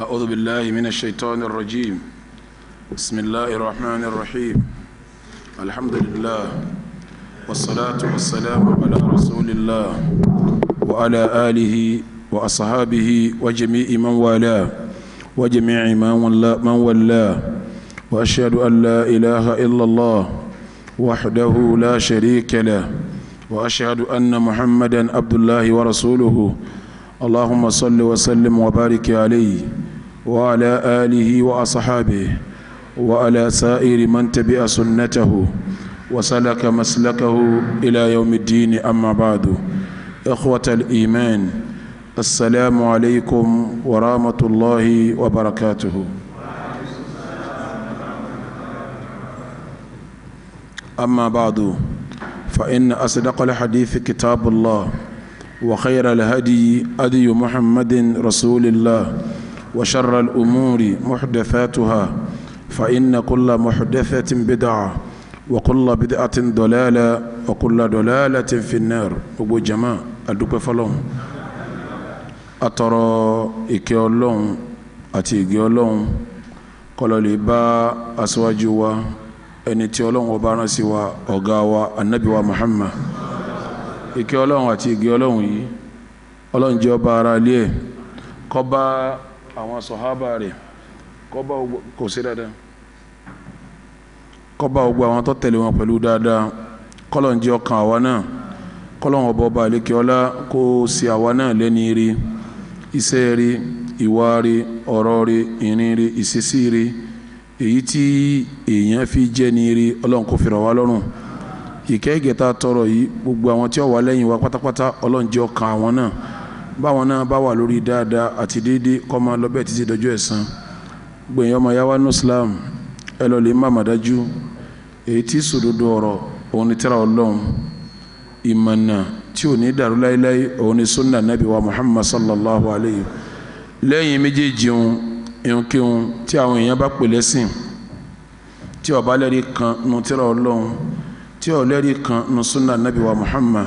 أعوذ بالله من الشيطان الرجيم بسم الله الرحمن الرحيم الحمد لله والصلاة والسلام على رسول الله وعلى آله وأصحابه وجميع من والاه وجميع من والاه من والاه وأشهد أن لا إله إلا الله وحده لا شريك له وأشهد أن محمدا عبد الله ورسوله اللهم صل وسلم وبارك عليه وعلى آله وأصحابه وعلى سائر من تبع سنته وسلك مسلكه إلى يوم الدين أما بعد إخوة الإيمان السلام عليكم ورحمة الله وبركاته أما بعد فإن أصدق الحديث كتاب الله وخير الهدي أدي محمد رسول الله وشر الأمور محدثاتها فإن كل محدثة بدعة وكل بدعة ضلالة وكل ضلالة في النار أبو جماعة أدوك فلون أترى إكيولون أتيجيولون قالوا لي با أسواجوا ẹni tí ọlọ́run ọba النبي sí wa ọ̀gá wa anabi wa àwọn sọ̀hábà rẹ̀ kó ṣe dáadáa kó bá gbogbo àwọn tó tẹ̀lé wọn pẹ̀lú dáadáa kọ́lọ̀ ń jẹ́ ọkàn àwa náà kọ́lọ̀ wọn bọ́ bá lékè ọlá kó ṣe àwa náà lẹ́ni rí iṣẹ́ rí ìwà rí ọ̀rọ̀ rí ìrìn rí ìṣesí rí èyí tí èèyàn fi jẹ́ ni rí ọlọ́run kò fìrọ̀ wá lọ́rùn ìkẹ́ ìgẹ̀ta tọrọ yìí gbogbo àwọn tí ó lẹ́yìn wa pátápátá ọlọ́run jẹ́ ọkàn àwọn náà báwọn náà bá wà lórí dáadáa àti déédéé kọ́ máa lọ bẹ́ẹ̀ títí dọjọ́ ẹ̀san gbẹ̀yìn ọmọ yàwá ní Islam ẹ lọ lè má má dájú èyí tí sòdodo ọ̀rọ̀ òun ni tẹ́ra ọlọ́run ìmọ̀nà tí ò ní dàrú láéláé òun ni sunna nabi wa Muhammad sallallahu alayhi lẹ́yìn méjèèjì òun ìhunkíhun tí àwọn èèyàn bá pè lẹ́sìn tí ó bá lẹ́rìí kan nu tẹ́ra ọlọ́run tí ó lẹ́rìí kan nu sunna nabi wa Muhammad.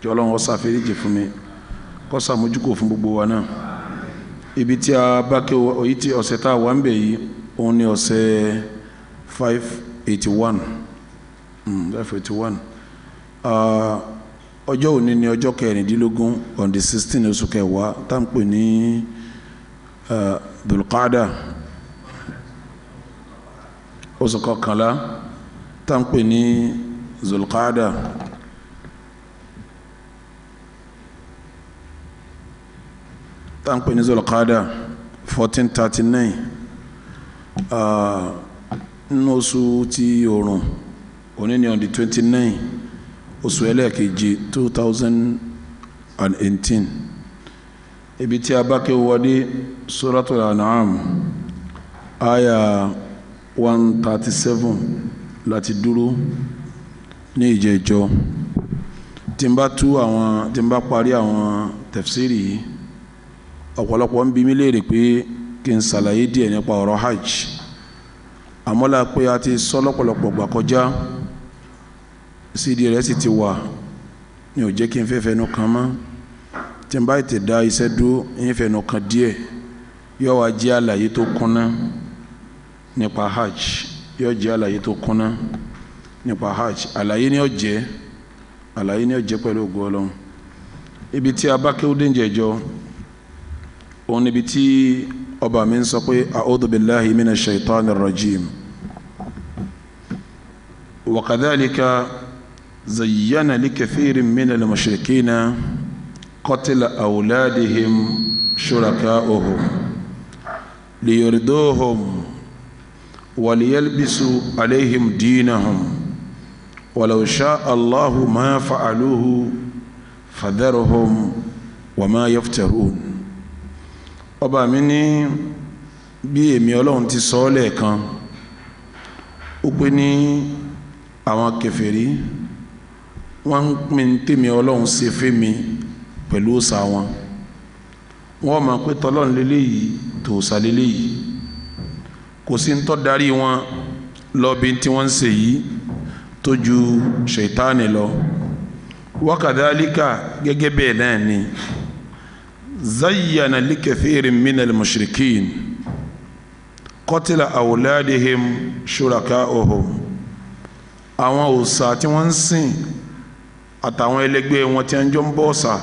kí ọlọ́run ọ̀sà fèrèjì fún mi kó ṣàmójúkò fún gbogbo wa náà ibi tí a bá ké oyi tí ọ̀sẹ̀ tá a wà ń bẹ̀ yìí òun ni ọ̀sẹ̀ five eighty one hmm, five eighty one ọjọ́ òní ni ọjọ́ kẹrìndínlógún on the sixteen oṣù kẹwàá tá à ń pè ní dulqaada oṣù kọkànlá tá ní zulqaada. tá n pè ní zolokada fourteen thirty nine uh, nínú oṣù tí oòrùn òní ni on the twenty nine oṣù ẹlẹ́ẹ̀kejì two thousand and eighteen ibi tí a bá ké wọlé suratul an'am aya one thirty seven láti dúró ní ìjẹ́jọ́ tí n bá tú àwọn tí n bá parí àwọn tafsiri yìí ọ̀pọ̀lọpọ̀ ń bi mí léèrè pé kí n ṣàlàyé díẹ̀ nípa ọ̀rọ̀ hajj àmọ́lá pé a ti sọ lọ́pọ̀lọpọ̀ gbà kọjá sídìí rẹ̀ sì ti wà mi ò kí n fẹ́ fẹnu kan mọ́ tí n bá ti da iṣẹ́ dúró ń fẹnu kan díẹ̀ yóò wá jẹ́ àlàyé tó kúnná nípa hajj yóò jẹ́ àlàyé tó kúnná nípa hajj àlàyé ni ó jẹ́ àlàyé ni ó jẹ́ pẹ̀lú ògo ọlọ́run ibi tí a bá kéwú òun níbi tí ọba mi ń sọ pé a'udhu billahi minash shaitanir rajim wa kadhalika zayyana likathirin minal mushrikina qatla awladihim shuraka'uhum liyurduhum وليلبسوا عليهم دينهم ولو شاء الله ما فعلوه فذرهم وما يفترون ọba mi ní bí èmi ọlọ́run ti sọ ọ́ lẹ́ẹ̀kan ó pé ní àwọn kèfèrí wọ́n ń pín tèmi ọlọ́run ṣe fẹ́mi pẹ̀lú òòṣà wọn wọ́n mọ̀ pé tọ́lọ́run lélẹ́yìí tòòṣà lélẹ́yìí kò sí ń tọ́ darí wọn lọ́bi tí wọ́n ń ṣe yìí tó ju ṣètáàni lọ wákàdálíkà gẹ́gẹ́ bẹ́ẹ̀ náà ni. زين لكثير من المشركين قتل أولادهم شركاؤهم àwọn òòṣà tí wọ́n ń sìn àtàwọn ẹlẹgbẹ́ wọn tí wọ́n jọ ń bọ ọ̀sà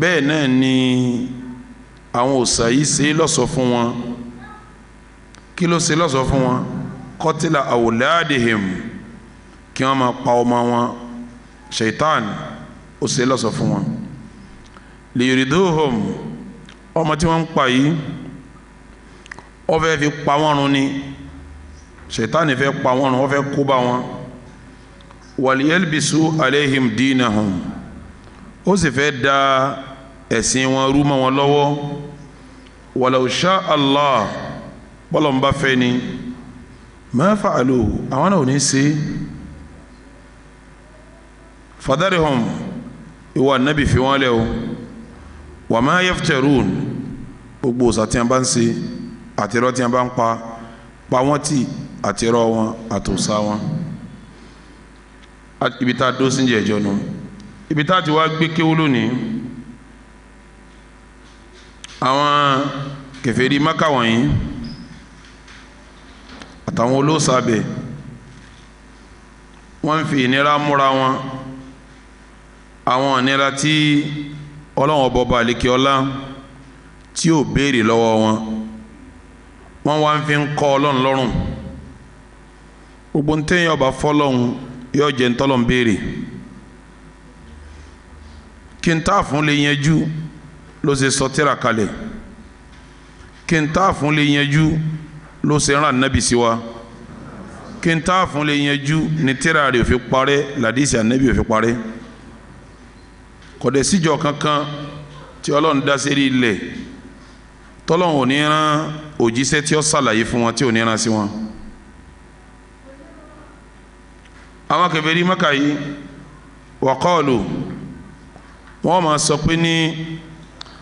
bẹ́ẹ̀ náà ni àwọn òòṣà yìí ṣe lọ́ṣọ̀ọ́ fún wọn kí ló ṣe lọ́ṣọ̀ọ́ fún wọn kọ́tìlà àwòlẹ́àdìhìm kí wọ́n máa pa ọmọ wọn ṣèitán ó ṣe lọ́ṣọ̀ọ́ fún wọn lèyìrìdóhùn ọmọ tí wọ́n ń pa yìí ó fẹ́ fi pa wọ́n run ni ṣètánì fẹ́ pa wọ́n run ó fẹ́ kó bá wọn wàlíyẹ́lbìsú aléhìm dínàhùn ó sì fẹ́ da ẹ̀sìn wọn rú mọ́ wọn lọ́wọ́ wàlàùṣà allah bọ́lọ̀mbá fẹ́ ni ma fa'alu àwọn náà ò ní ṣe fadarihum ìwà nábì fi wọ́n lẹ́wọ́ wàmà yẹfutẹrún gbogbo ọ̀sà tí a bá ń ṣe àtẹ̀rọ tí a bá ń pa pa wọ́n tì àtẹ̀rọ wọn àtòsá wọn ibi tá a dó síjẹ̀ ẹ̀jọ́ nù ibi tá a ti wá gbé kéwú lónìí àwọn kèfèrí Mákà wọ̀nyí àtàwọn olóòsàbẹ̀ wọ́n ń fi ìnira múra wọn àwọn ìnira tí. Ti ọlọ́run ọbọba àlekíọ́lá tí ò béèrè lọ́wọ́ wọn wọ́n wá ń fi ń kọ́ ọlọ́run lọ́rùn gbogbo ntẹ́yìn ọba fọlọ́run yóò jẹ́ ntọ́lọ́run béèrè kí n tá fún lè yanjú ló ṣe sọ tírà kalẹ̀ kí n tá fún lè yanjú ló ṣe rán ànábì sí wa kí n tá fún lè yanjú ni tírà rẹ̀ ò parẹ́ làdísì ànábì ò parẹ́ kọ̀dẹ̀ síjọ kankan tí ọlọ́run dá sérí ilẹ̀ tọ́lọ́run ò ní rán òjíṣẹ́ tí ó ṣàlàyé fún wọn tí ò ní rán sí wọn. àwọn kèfèrí Mákà yìí wa qalu wọ́n máa sọ pé ní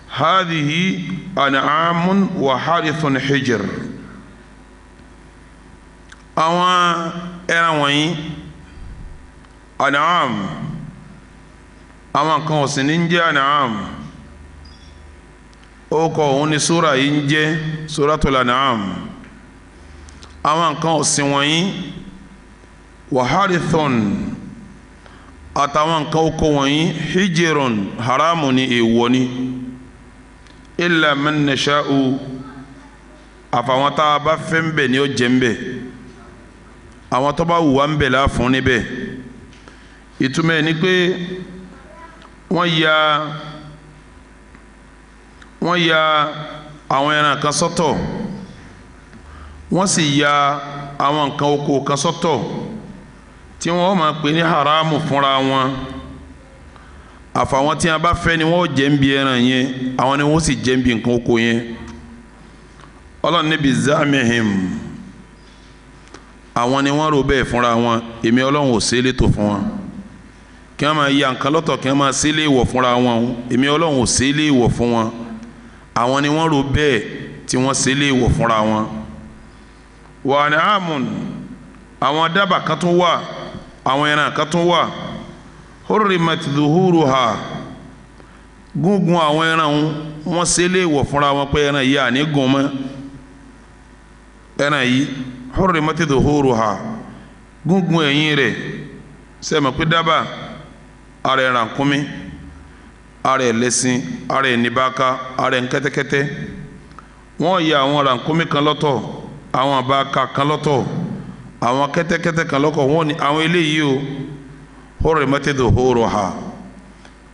hadhihi an'amun wa harithun hijr àwọn ẹran wọ̀nyí an'am àwọn nǹkan ọ̀sìn ní ń jẹ́ anam orúkọ òun ni sura yìí ń jẹ́ suratul anam àwọn nǹkan ọ̀sìn wọ̀nyí wàhálìthon àtàwọn nǹkan oko wọ̀nyí hijiron haramu ni èèwọ̀ ni illa man nasha'u àfàwọn tá a bá fẹ́ ń bẹ̀ ni ó jẹ́ ń bẹ̀ àwọn tó bá wù ń bẹ̀ láà níbẹ̀ ìtumọ̀ ni pé. wọ́n ya wọ́n ya àwọn ẹran kan sọ́tọ̀ wọ́n sì ya àwọn nǹkan oko kan sọ́tọ̀ tí wọ́n máa pè ní haramu fúnra wọn àfàwọn tí a bá fẹ́ ni wọ́n jẹ́ ń bi ẹran yẹn àwọn ni wọ́n sì jẹ́ ń bi nǹkan oko yẹn ọlọ́run níbi zamihim àwọn ni wọ́n rò bẹ́ẹ̀ fúnra wọn èmi ọlọ́run ò sí elétò fún wọn. kí máa ya nǹkan lọ́tọ̀ kí wọ́n máa sílé ìwọ̀ fúnra wọn o èmi ọlọ́run ò ìwọ̀ fún wọn àwọn ni wọ́n rò bẹ́ẹ̀ tí wọ́n sílé ìwọ̀ fúnra wọn. wà ní amun àwọn dábàá kan tún wà àwọn ẹran kan tún wà gúngun àwọn ẹran ìwọ̀ fúnra wọn pé ẹran yìí àní gùn mọ́ ẹran yìí ara ẹ̀ rànkúnmí ara ẹ̀ ara ẹ̀ ara ẹ̀ kẹ́tẹ́kẹ́tẹ́ wọ́n yà àwọn rànkúnmí kan lọ́tọ̀ àwọn àbáka kan àwọn kan àwọn eléyìí o hóró mẹ́tẹ́dọ̀ hóró ha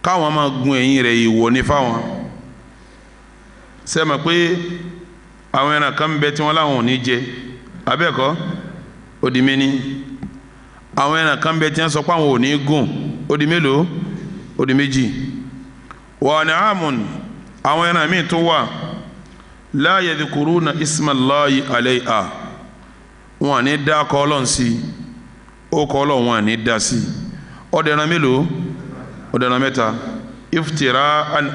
káwọn máa gun ẹ̀yìn rẹ̀ ìwọ ní fáwọn sẹ́mi pé àwọn ẹran kan bẹ tí wọ́n láwọn ò ní jẹ abẹ́ẹ̀kọ́ òdìmẹ́ni. àwọn ẹran kan bẹ tí wọn sọ pé àwọn ò ní gùn ó di mélòó ó di méjì wọ́n àwọn ẹran míì tó wà ismallahi alayha wọn à ní dá ọkọ ọlọ́run sí i ó kọ ọlọ́run wọn à ní dá sí i ọdẹ ẹran mélòó ọdẹ ẹran iftira an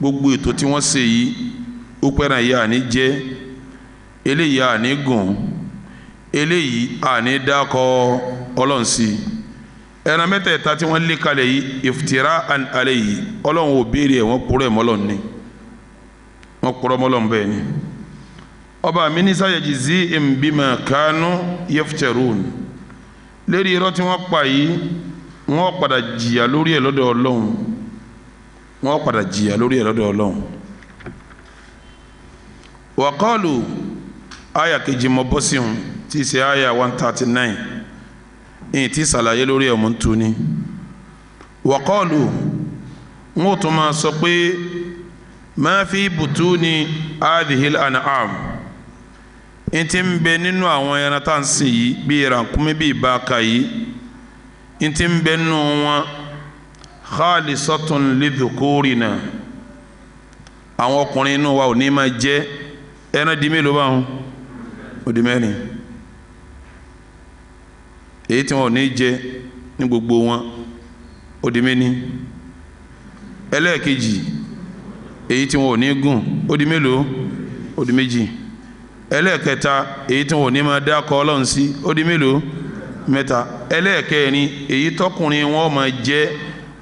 gbogbo ètò tí wọ́n ṣe yìí ó pẹ́ràn yìí à ní jẹ́ eléyìí à ní gùn. eléyìí àní dákọ ọlọ́run sí i ẹran mẹ́tẹ̀ẹ̀ta tí wọ́n lé kalẹ̀ yìí ìfìtìrá alẹ́ yìí ọlọ́run ò béèrè ẹ̀ wọ́n kúrò ẹ̀ mọ́lọ́run ni wọ́n mọ́lọ́run bẹ́ẹ̀ ni ọba mi ní sí ìmbímọ kánú yẹfùtẹ̀rún lérí irọ́ tí wọ́n pa yìí wọ́n padà jìyà lórí ẹ̀ lọ́dọ̀ ọlọ́run wọ́n padà jìyà lórí ẹ̀ lọ́dọ̀ ọlọ́run wàkọ́ọ̀lù ayà kejì tí í ṣe one thirty nine ìyìn tí ṣàlàyé sọ pé máa fi bùtú ni adihil anam n ti ń bẹ nínú àwọn ẹran tá sìn yìí yìí n ti ń bẹ nínú wọn khalisatun lidhukurina àwọn ọkùnrin inú wa ò ní máa jẹ ẹran di mélòó báwọn ò di èyí tí wọn ò ní jẹ ní gbogbo wọn ó di méní ẹlẹ́ẹ̀kejì èyí tí wọn ò ní gùn ó di mélòó ó di méjì ẹlẹ́ẹ̀kẹta èyí tí wọn ò ní máa dákọ ọlọ́run sí ó di mélòó mẹ́ta ẹlẹ́ẹ̀kẹrin èyí tọkùnrin wọn máa jẹ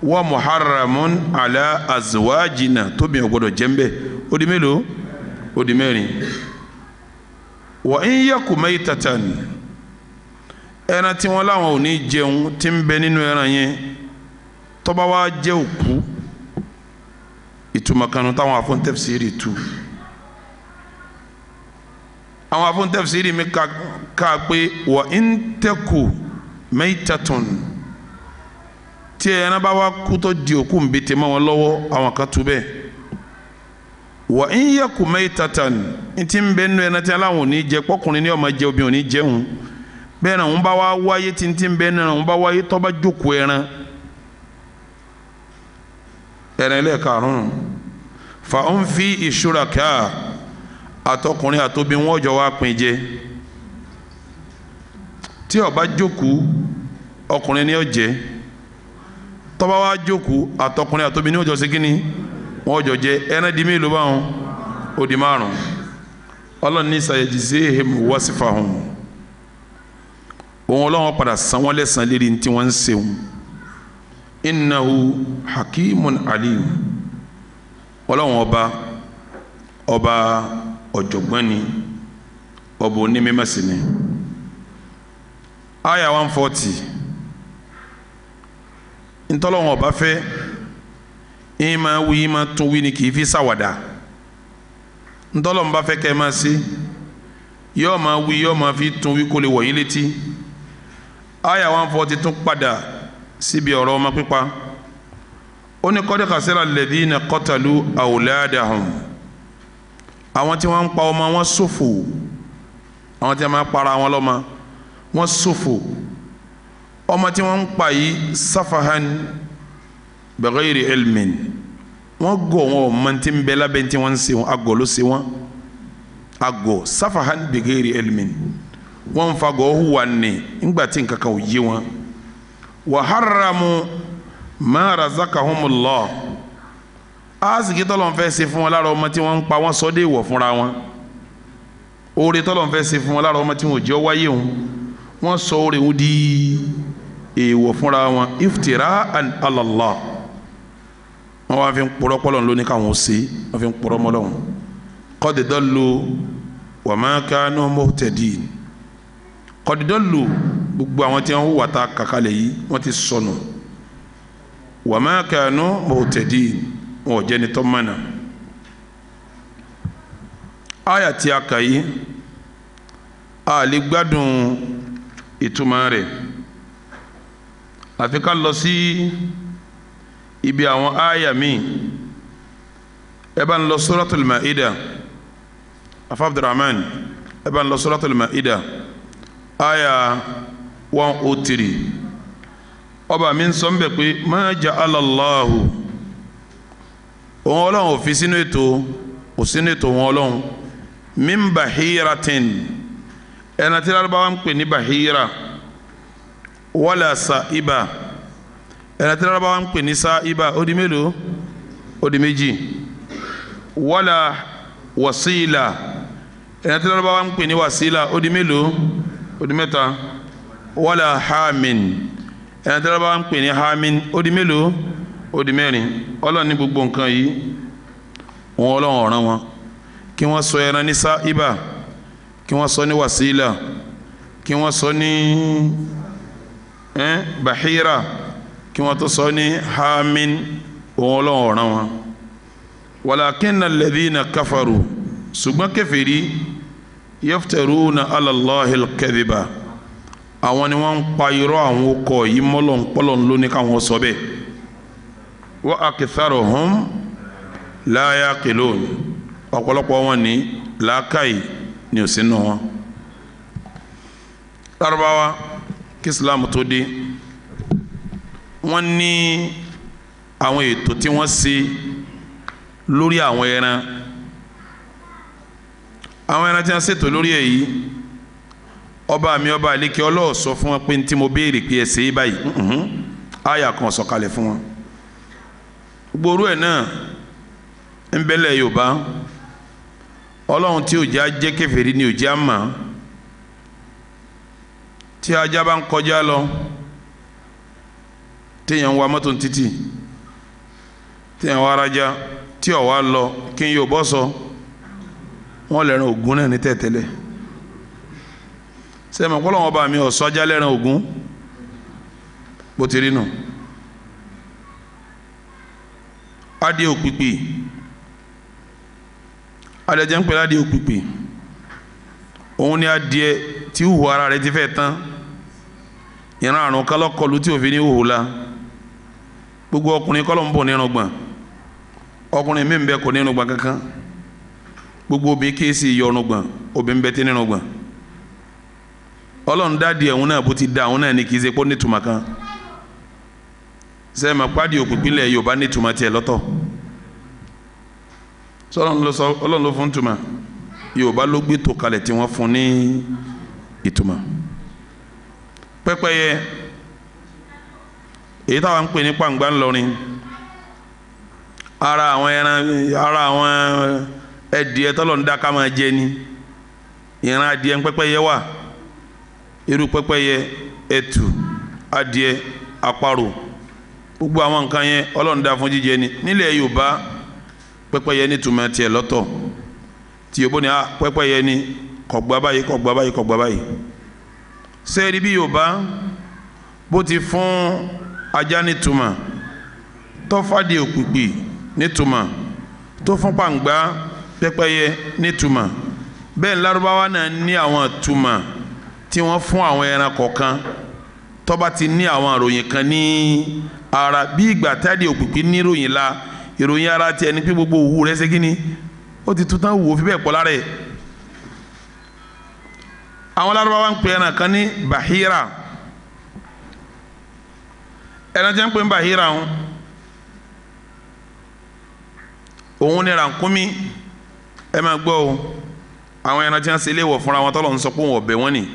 wa muharramun ala azwajina tóbi ọgbọdọ jẹ ó di mélòó ó di ẹran tí wọ́n láwọn ò ní jẹun tí ń bẹ nínú ẹran yẹn tó bá wá òkú ìtumọ̀ kanu táwọn afọ́ntẹ́fsìrì tu àwọn afọ́ntẹ́fsìrì mi ka ká pé wà ń tẹ́kù mẹ́tàtún tí ẹran bá wá kú tó di òkú nbètè mọ́ wọn lọ́wọ́ àwọn kan tu bẹ́ẹ̀ wà ń yẹ kù mẹ́tàtún tí ń bẹ nínú ẹran tí aláwọn ò ní jẹ pọ́kùnrin ní ọmọ jẹ obìnrin ò ní jẹun. bẹ́ẹ̀ náà ń bá wá wáyé títí bẹ́ẹ̀ náà ń bá wáyé tó bá jókòó ẹran ẹran ilé karùn-ún fa ń fi ìṣúra ká àtọkùnrin àtòbí wọn jọ wá pín jẹ tí ó bá jókòó ọkùnrin ni ó jẹ tó wá jókòó àtọkùnrin àtòbí ni ó jọ sí kínní wọn jọ jẹ ẹran di mélòó báwọn ó di márùn-ún ọlọ́run ní sàyẹ̀jì sí èhèmù wọ́sífà hùn. òun ọlọ́wọ́n padà san wọ́n lẹ́sàn lérí tí wọ́n ń sehun innahu hakimun alim ọlọ́wọ́n ọba ọba ọ̀jọ̀gbọ́n ni ọba onímọ̀sí ni aya one forty ntọ́lọ́wọ́n ọba fẹ́ ìmọ̀ wí ìmọ̀ tún wí ni kì í fi ṣàwàdà ntọ́lọ́wọ́n ọba fẹ́ kẹ́ ẹ máa ṣe yọ́ọ̀ máa wí yọ́ọ̀ máa fi tún wí kó lè wọ̀ létí aya one forty tún padà síbi ọ̀rọ̀ ọmọ pípa ó ní kọ́dé kàṣẹ́rà lẹ́dínà kọ́tàlú àwòlẹ́àdàhùn àwọn tí wọ́n ń pa ọmọ wọn ṣòfò àwọn tí wọ́n máa para wọn lọ́mọ wọ́n ṣòfò ọmọ tí wọ́n ń pa yìí sáfàhán bẹ̀rẹ̀rì elmin wọ́n gọ̀ wọn ọmọ tí ń bẹ lábẹ́ tí wọ́n ń ṣe wọn agọ̀ ló ṣe wọn agọ̀ sáfàhán bẹ̀rẹ̀rì elmin wọ́n fagọ̀ hùwà ní nígbà tí nǹkan kan ò yé wọn wa haramu ma razaqahumullah aásìkí tọ́lọ̀ ń fẹ́ ṣe fún wọn lára ọmọ tí wọ́n ń pa wọ́n sọ dé fúnra wọn oore tọ́lọ̀ ń fún wọn lára ọmọ tí wọn ò wáyé wọn wọ́n sọ oore wọn di èèwọ̀ fúnra wọn iftira'an ala Allah wọ́n wá fi ń purọ́ pọ́lọ́n káwọn ṣe wọ́n fi ń purọ́ mọ́lọ́wọ́n qad dallu wa ma kanu kọ̀dídọ́lù gbogbo àwọn tí wọ́n wà tá kàkálẹ̀ yìí wọ́n ti sọnù wàmákàánú mọ̀tẹ́dì wọn ò jẹ́ni tó mọ̀nà àyà tí a kà yìí a lè gbádùn ìtumọ̀ rẹ̀ àfi ká lọ sí ibi àwọn àyà míì ẹ bá ń lọ suratul Maida afa Abdurrahman ẹ bá ń lọ suratul Maida. aya 103 ọba mi ń sọ mbẹ pé ma ja'ala Allahu òun ọlọ́run ò sínú ètò kò ètò òun ọlọ́run min bahiratin ẹ̀nà tí lárúbáwá ń pè ní bahira wala sa'iba ẹ̀nà tí lárúbáwá ń pè ní sa'iba ó di mélòó ó méjì wala wasila ẹ̀nà tí lárúbáwá ń pè ní wasila ó mélòó. ó di mẹ́ta wala hamin ẹni tí alábàá ń pè ní hamin ó di mélòó ó di mẹ́rin ọlọ́run ní gbogbo nǹkan yìí wọn ọlọ́run ọ̀ràn wọn kí wọ́n sọ ẹran ní sáíbà kí wọ́n sọ ní wàsílà kí wọ́n sọ ní bahira kí wọ́n tó sọ ní hamin wọn ọlọ́run ọ̀ràn wọn walakinna alladhina kafaru ṣùgbọ́n kèfèrí yaftaruna ala Allahi al-kadhiba àwọn ni wọ́n ń pa irọ́ àwọn okọ̀ yìí mọ́lọ̀ ń pọ́lọ̀ ń lóní káwọn sọ bẹ́ẹ̀ wa aktharuhum la yaqilun ọ̀pọ̀lọpọ̀ wọn ní làákàyè ni ò sí nù wọn. Lárúbáwá kí Islam tó dé wọ́n ní àwọn ètò tí wọ́n ṣe lórí àwọn ẹran àwọn ẹran tí wọ́n ṣètò lórí èyí ọba mi ọba àlékè ọlọ́ọ̀ fún wọn pé ní tí mo béèrè pé ẹsẹ̀ báyìí mm-hmm. àyà kan sọ̀kalẹ̀ fún wọn gbòòrò ẹ náà ń bẹ́lẹ̀ yorùbá ọlọ́run tí òjá jẹ́ ni òjá mà tí ajá lọ téèyàn ń wa mọ́tò títì lọ kí wọn lẹran ogun náà ní tẹ̀tẹ̀lẹ̀ sẹ́mi ọ̀pọ̀lọ́wọ́n bá mi ọ̀sọ́jà lẹ́ran Ògún bó ti rí nù adé òpìpì adẹ́jẹ́ ń pẹ̀lú adé òpìpì òun ni adìẹ tí hùwù ara ti tán ìran àrùn ní gbogbo ọkùnrin kọ́lọ́ ń nínú ọkùnrin mi ń bẹ gbogbo Obi kéésì yọrùn gbọ̀n obìnrin bẹ́ẹ̀ tí nínú gbọ̀n ọlọ́run dá díẹ̀ òun náà bó ti dá òun náà ní kì í ṣe kan sẹ́yìn máa pàdé òpìpín ilẹ̀ ní lọ́tọ̀ ló fún tùmọ̀ ara àwọn ara àwọn. ẹdìẹ tọlọ ń da ká máa jẹ ni ìran adìẹ ń pẹ́pẹ́yẹ wà irú pẹ́pẹ́yẹ ẹtù adìẹ àparò gbogbo àwọn nǹkan yẹn Ọlọ́run dá fún jíjẹ ni nílẹ̀ Yorùbá pẹ́pẹ́yẹ ní tùmọ̀ tiẹ̀ lọ́tọ̀ tí Yorùbá ni a ah, pẹ́pẹ́yẹ ni kọ̀gbá báyìí kọ̀gbá báyìí kọ̀gbá báyìí sẹ́ẹ̀rí bí Yorùbá bó ti fún ajá ní tùmọ̀ tọ́fàdé òpìpì ní tùmọ̀ tó fún pàǹgbá pẹ́pẹ́yẹ nítumọ̀ bẹ́ẹ̀ larubawa náà ní àwọn ìtumọ̀ tí wọ́n fún àwọn ẹran kọ̀ọ̀kan tọba ti ní àwọn àròyìn kan ní ara bí ìgbà táàdì òpìpì níròyìn la ìròyìn ara gbogbo òwú ni ó ti tún tán wò lára àwọn bahira ẹran ń pè ẹ máa gbọ́ o àwọn ẹran tí wọ́n ṣe fúnra wọn tọ́lọ̀ ń sọ pé ni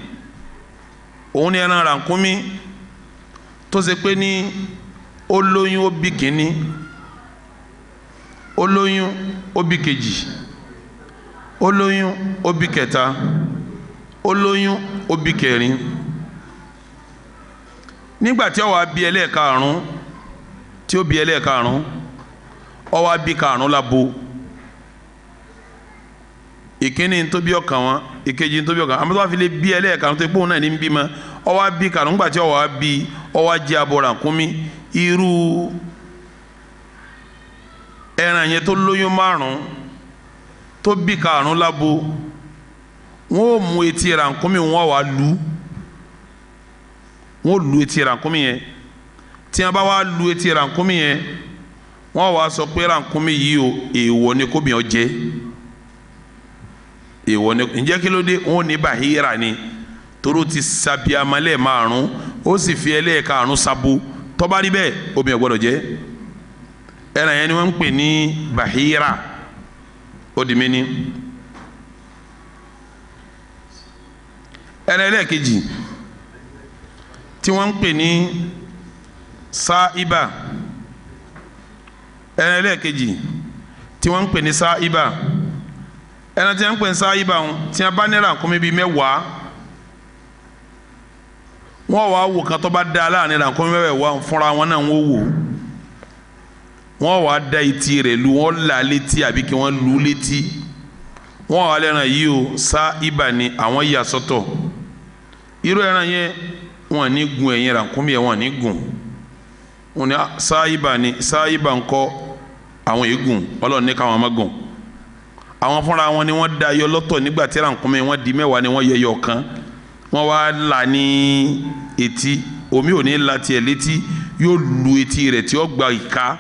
òun ni ẹran rànkúnmí tó ṣe pé ní ó oloyun kínní ó lóyún kejì ó lóyún kẹta bi lóyún kẹrin nígbà tí ẹlẹ́ẹ̀karùn-ún tí ó bí ẹlẹ́ẹ̀karùn-ún ìkíní tó bí ọkàn wọn ìkejì tó bí ọkàn àmọ́ tó bá fi lè bí ẹlẹ́ẹ̀kan tó gbóhùn náà ní ma ọwọ́ bí kànú ńgbà tí ọwọ́ bí ọwọ́ jẹ́ abọ́ràkúnmí irú ẹran yẹn tó lóyún márùn tó bí bi lábo wọn ò mú etí ràkúnmí wọn wà lù wọn ò lu etí ràkúnmí yẹn tí wọn bá wà lu etí ràkúnmí yẹn wọn wa sọ pé ràkúnmí yìí o èèwọ̀ ni kóbìnrin jẹ́ ìwọ ni ǹjẹ́ kí ló dé wọn ní bahira ni toro ti sabiamalẹ̀ márùn ó sì fi ẹlẹ́ẹ̀karùn sabo tọ́ba rí bẹ́ẹ̀ omi ẹ̀ gbọ́dọ̀ jẹ́ ẹran yẹn ni wọ́n ń pè ní bahira ó di mí ní. ẹran ẹlẹ́ẹ̀kejì tí wọ́n ń pè ní sáíbà ẹran ẹlẹ́ẹ̀kejì tí wọ́n ń pè ní sáíbà ẹran tí wọn ń pè ń sáyé bá wọn tí wọn bá ní rànkúnmí bíi mẹ́wàá wọn wàá wò kan tó bá da láàrin rànkúnmí mẹ́wàá fúnra wọn náà wọn wò wọn wàá da etí rẹ̀ lu wọn là létí àbí kí wọn lu létí wọn wàá lẹ́ran yìí o sá ibà ni àwọn yà sọ́tọ̀ irú ẹran yẹn wọn ní gun ẹ̀yìn rànkúnmí yẹn wọn ní gun wọn ní ah, sá ibà ni sá ibà ńkọ́ àwọn èégún ọlọ́run ní káwọn má gun àwọn fúnra wọn ni wọ́n da yọ lọ́tọ̀ nígbà tí rànkúnmí wọ́n di mẹ́wàá ni wọ́n yẹ yọ kan wọ́n wá là ní etí omi ò ní la tiẹ̀ létí yóò lu etí rẹ̀ tí ó gba ìka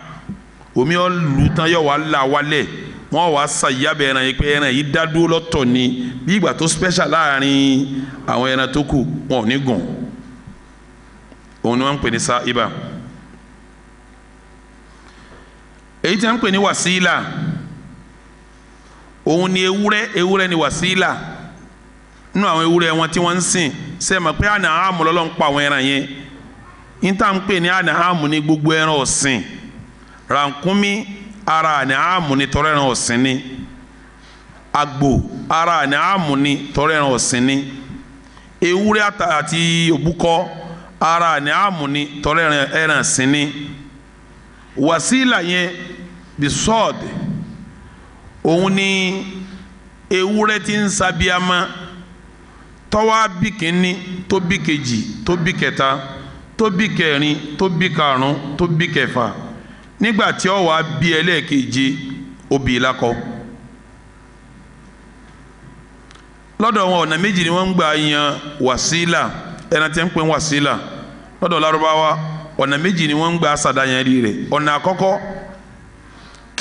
omi ó lu tán yóò wá la wálẹ̀ wọ́n wá ṣàyàbẹ̀ ẹran yìí pé ẹran yìí dá dúró ni bí ìgbà tó special láàrin àwọn ẹran tó kù wọn ò ní gùn òun ni wọ́n ń pè ní sa ibà èyí tí wọ́n ń pè ní wàsílà. òun ni ewure ewure ni wàsílà nínú àwọn ewúrẹ́ wọn tí wọn ń sìn sẹ́mi pé àná àmú lọ́lọ́ pa àwọn ẹran yẹn níta ń pè ní àná àmú ní gbogbo ẹran ọ̀sìn ara àná àmú ní tọrọ ẹran ọ̀sìn ni ara àná àmú ní tọrọ ẹran ọ̀sìn ni ewúrẹ́ àti òbúkọ ara àná àmú ní tọrọ ẹran ọ̀sìn ni wàsílà yẹn òun ni ewúrẹ́ tí ń sabiama tọ́wá bí kínní tó bí kejì tó bí kẹta tó bí kẹrin tó bí karùn tó bí kẹfà nígbà tí ó wá bí ẹlẹ́ẹ̀keje obì lakọ. lọ́dọ̀ wọn ọ̀nà méjì ni wọ́n ń gbà yan wàsílà ẹran tí ń pè wàsílà lọ́dọ̀ lárúbáwá ọ̀nà méjì ni wọ́n ń gbà sàdáyàn rẹ̀ ọ̀nà àkọ́kọ́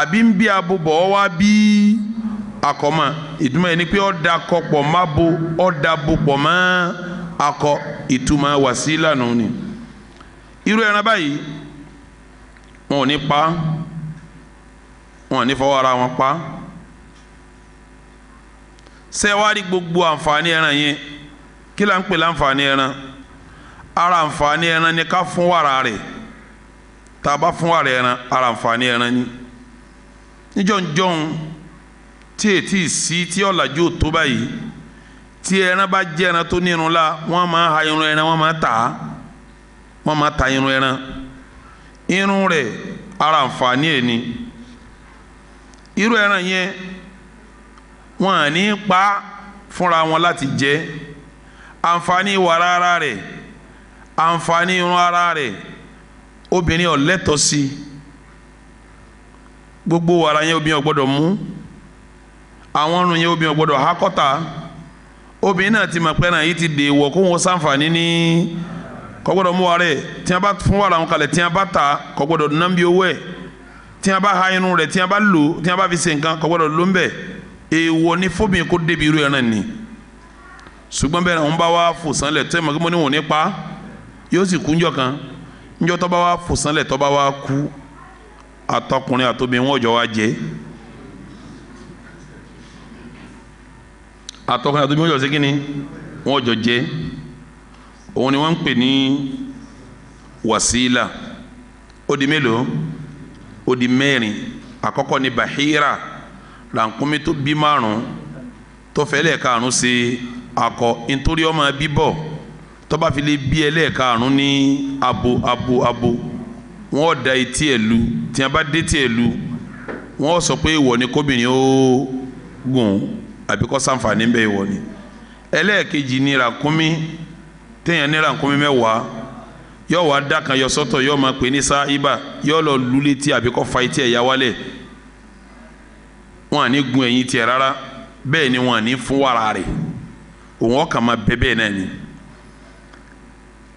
àbí bí abobọ̀ ọ bí ni pé akọ pọ̀ má bo ọ̀dà mọ́ akọ ìtumọ̀ wàsílà nù ni irú ẹran báyìí wọn ò ní pa wọn pa gbogbo àǹfààní ẹran yẹn kí ń pè ara àǹfààní ẹran ni ká fún ara àǹfààní ẹran ni. níjọ́njọ́n tí ètí sí tí ọ̀làjú tó báyìí tí ẹran bá jẹ́ ẹran tó ní irun la wọ́n máa ha irun ẹran wọ́n máa tà á wọ́n máa ta irun ẹran irun rẹ̀ ara àǹfààní ẹ̀ ni irú ẹran yẹn wọ́n à ní pa fúnra wọn láti jẹ àǹfààní wàrà ara rẹ̀ àǹfààní irun ara rẹ̀ obìnrin ò sí i. gbogbo ara yẹn obìnrin ọgbọdọ mú àwọn ọrùn yẹn obìnrin obi há kọ́ta obìnrin náà ti mọ̀ pé náà yìí ti dè wọ̀ kó wọn sàǹfààní ní kọ́gbọ́dọ̀ mú tí a bá fún wàrà tí a bá ta kọ́gbọ́dọ̀ ná bí owó ẹ tí a bá ha irun tí a bá lò tí a bá fi ni fóbìnrin kó débi irú ẹran ni náà bá wa fò kí mo ní wọn kan tó wa fò atọkùnrin àtobìnrin wọn jọ wá jẹ atọkùnrin àtobìnrin wọn jọ ṣe ni wọn jọ jẹ òun ni wọn ń pè ní wàsílà ó di mélòó ó di mẹ́rin àkọ́kọ́ ni bahira làǹkúmi tó bí márùn tó sí akọ nítorí ọmọ bíbọ̀ tó fi lè bí ní abo abo abo. abo wọ́n da etí ẹ̀ lu tí wọ́n bá dé etí ẹ̀ lu wọ́n sọ pé ìwọ ni kóbìnrin ó gùn àbí kó ṣàǹfààní bẹ́ẹ̀ ìwọ ni ẹlẹ́ẹ̀kejì ni ràkúnmí téèyàn ní ràkúnmí mẹ́wàá yóò wá dá kan yọ sọ́tọ̀ yóò máa pè ní sáíbà yóò lọ lu létí àbí kó fa etí ẹ̀ yá wálẹ̀ wọn à ní gun ẹ̀yìn tiẹ̀ rárá bẹ́ẹ̀ ni wọn à ní fún wàrà rẹ̀ òun ọkàn máa bẹ́ bẹ́ẹ̀ náà ni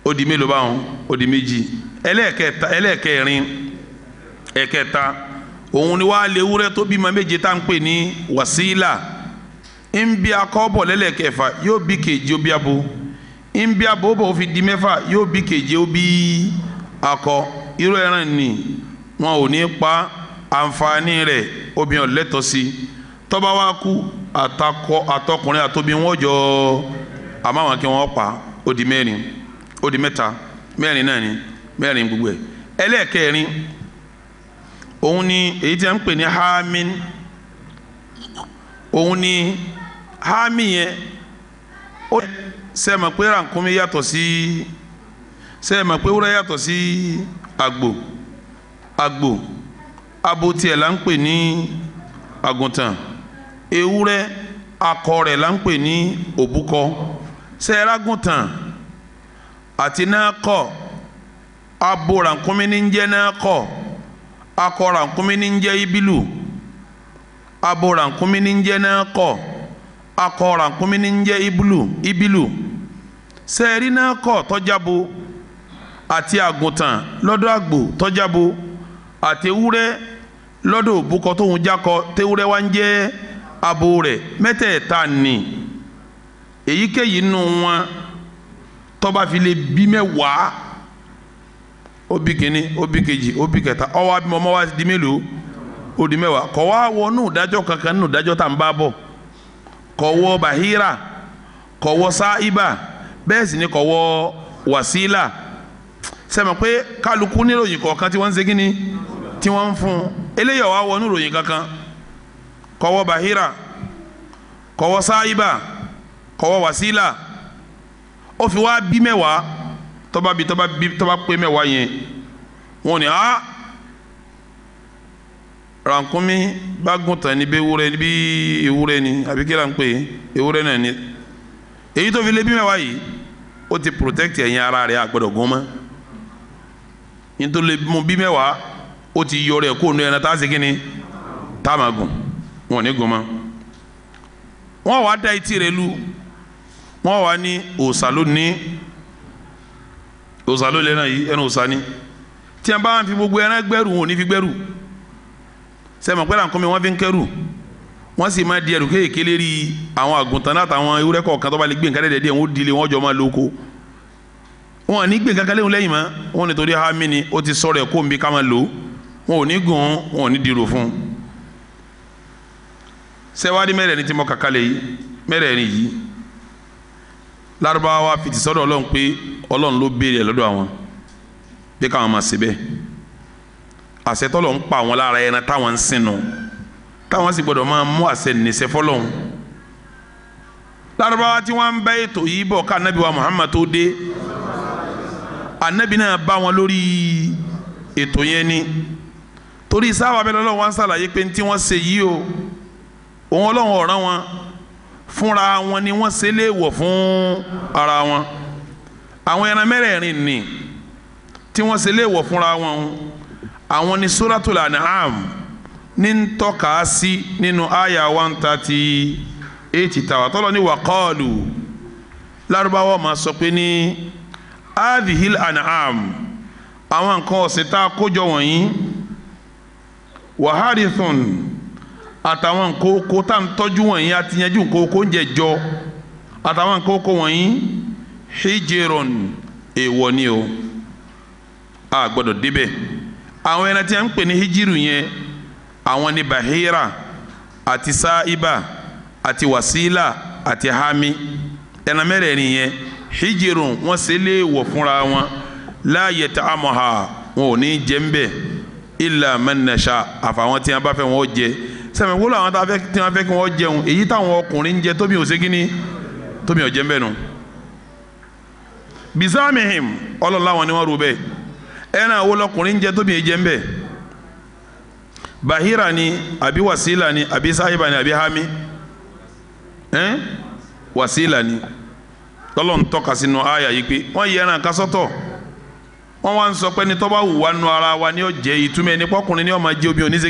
ó di mélòó báwọn ó di méjì ẹlẹ́ẹ̀kẹta ẹlẹ́ẹ̀kẹrin ẹ̀kẹta òun ni wàá lé tó bímọ méje tá à ń pè ní wàsílà ń bí akọ́bọ̀ lẹ́lẹ́kẹfà yóò bí keje ó bí abo ń bí abo fi di mẹ́fà yóò bí keje ó akọ irú ẹran ni wọn ò ní pa àǹfààní rẹ obìnrin ò sí kú àtakọ àtọkùnrin wọn jọ àmọ́ àwọn kí wọ́n pa ó di mẹ́rin gbogbo ẹ̀ ẹlẹ́ẹ̀kẹrin òun ni èyí tí a ń pè ní hamin òun ni hami yẹn ó sẹ́mọ̀ pé rànkúnmí yàtọ̀ sí sẹ́mọ̀ pé wúrà yàtọ̀ sí àgbò agbo abo tiẹ̀ là ń pè ní àgùntàn ewúrẹ́ akọ rẹ̀ ń pè ní òbúkọ àti náà abo rankumi ni ń jẹ́ nakọ akọ rankumi ni ń ibilu abo rankumi ni ń jẹ́ nakọ akọ rankumi ni ń jẹ́ ibilu ibilu sẹẹri nakọ tọjabo àti àgùntàn lọ́dọ̀ àgbò tọjabo àti ewúrẹ́ lọ́dọ̀ òbúkọ tóun jákọ tewúrẹ́ wá ń jẹ́ abo rẹ̀ mẹ́tẹ̀ẹ̀ta ni èyíkéyìí nù wọn tó bá fi lè bí mẹ́wàá. ó bí kínní ó bí kejì ó bí kẹta ó wá ọmọ wa di mélòó ó di mẹ́wàá kò wá wọnú ìdájọ́ kankan nínú ìdájọ́ tá ń bá bọ̀ kò bahira kò wọ sáíbà bẹ́ẹ̀ sì ni kò wọ wàsílà sẹ́mi pé kálukú níròyìn kọ̀ọ̀kan tí wọ́n ń ṣe kínní tí wọ́n ń fún eléyà wá wọnú ìròyìn kankan kò bahira kò wọ sáíbà kò wọ wàsílà ó fi wá bí mẹ́wàá tọ́ba bi tọ́ba bi tọ́ba pé mẹ́wàá yẹn wọ́n ní ah rànkúnmí bá gùn tán níbi ewúrẹ́ níbi ewúrẹ́ ni àbí kí là ń pè náà ni èyí tó fi lé bí mẹ́wàá yìí ó ti protect ẹ̀yìn ara rẹ̀ àgbọ̀dọ̀ gún mọ́ nítorí mo bí mẹ́wàá ó ti yọ rẹ̀ kó nu ẹran tá a segin ni tá a máa gùn wọn ò ní gùn mọ́ wọ́n wàá da etí rẹ̀ lu wọ́n wàá ní òòsà ló òòsà ló lé náà yìí ẹnu òòsà ni tí a bá ń fi gbogbo ẹran gbẹ́rù wọn ò ní fi gbẹ́rù sẹ́mi ọ̀pẹ́ làǹkọ́ mi wọ́n fi ń kẹ́rù wọ́n sì máa di ẹrù kéèké lérí àwọn àgùntàn náà àtàwọn ewúrẹ́ kọ̀ọ̀kan tó bá lè gbé nǹkan dẹ́dẹ́ díẹ̀ wọ́n dìlé wọ́n jọ máa lóko wọn ní gbé nǹkan léwu lẹ́yìn mọ́ wọn nítorí hami ni ó ti sọ̀rọ̀ ẹ̀ kó nbí ká máa lò wọn ò ní gùn wọn ò ní dirò fún un sẹ́wádìí mẹ́rẹ̀ẹ́rin tí mo kàkálẹ̀ yìí mẹ́rẹ̀ẹ́rin yìí Lárúbáwá fìtì sọ́dọ̀ Ọlọ́run pé Ọlọ́run ló béèrè lọ́dọ̀ àwọn pé káwọn máa ṣe bẹ́ẹ̀ àṣẹ tọ́lọ̀ ń pa àwọn lára ẹran táwọn ń sìn nù táwọn sì gbọ́dọ̀ máa mú àṣẹ nìṣẹ fọ́lọ́run Lárúbáwá tí wọ́n ń bẹ ètò yìí bọ̀ ká anabi wa Muhammad tó dé anabi náà bá wọn lórí ètò yẹn ni torí sáwà bẹ́ẹ̀ lọ́wọ́ wọn ṣàlàyé pé ní tí wọ́n yìí o òun Ọlọ́run ọ̀ràn wọn fúnra wọn ni wọ́n ṣe léèwọ̀ fún ara wọn àwọn ẹran mẹ́rẹ̀ẹ̀rin ni tí wọ́n ṣe léèwọ̀ fúnra wọn àwọn ni suratul an'am ní ń tọ́ka sí nínú àyà one thirty eight tàwa tọ́lọ́ ní wàkọ́ọ̀lù lárúbáwá máa sọ pé ní adihil an'am àwọn nǹkan ọ̀sìn tá a kójọ wọ̀nyí wàhálì thun àtàwọn nǹkan oko tá à ń tọ́jú wọ̀nyí àti yanjú nǹkan oko ń jẹ jọ àtàwọn nǹkan oko wọ̀nyí hijiron èèwọ̀ ni o a gbọ́dọ̀ débẹ̀ àwọn ẹran tí a ń pè ní hijiru yẹn àwọn ni bahira àti saiba àti wasila àti hami ẹran mẹ́rẹ̀ẹ̀rin yẹn hijiron wọ́n ṣe lé wọ̀ fúnra wọn láàyè tá a mọ̀ ha wọn ò ní jẹ́ ń bẹ̀ illa man àfàwọn tí a bá fẹ́ wọn ó jẹ́ sẹ̀mẹ̀ wọ́n làwọn tá a fẹ́ tí wọ́n fẹ́ kí wọ́n jẹun èyí táwọn ọkùnrin ń jẹ tóbi ò ṣe kíní tóbi ò jẹ́ ń bẹ́ẹ̀ nù. bisamihim ọlọ́láwọn ni wọ́n rú bẹ́ẹ̀ ẹran àwọn ọlọ́kùnrin ń jẹ tóbi ò jẹ́ ń bẹ́ẹ̀. bahira ni àbí wasila ni àbí sahiba ni àbí hami ẹn wasila ni tọ́lọ̀ ń sínú àyà yìí pé wọ́n yẹ ẹran kásọ́tọ̀ wá ń sọ pé ní tọ́ba wù wá nu ara wa ni ó jẹ́ ìtumẹ̀ ní pọ́kùnrin ni ó máa jẹ omi ò ní ṣe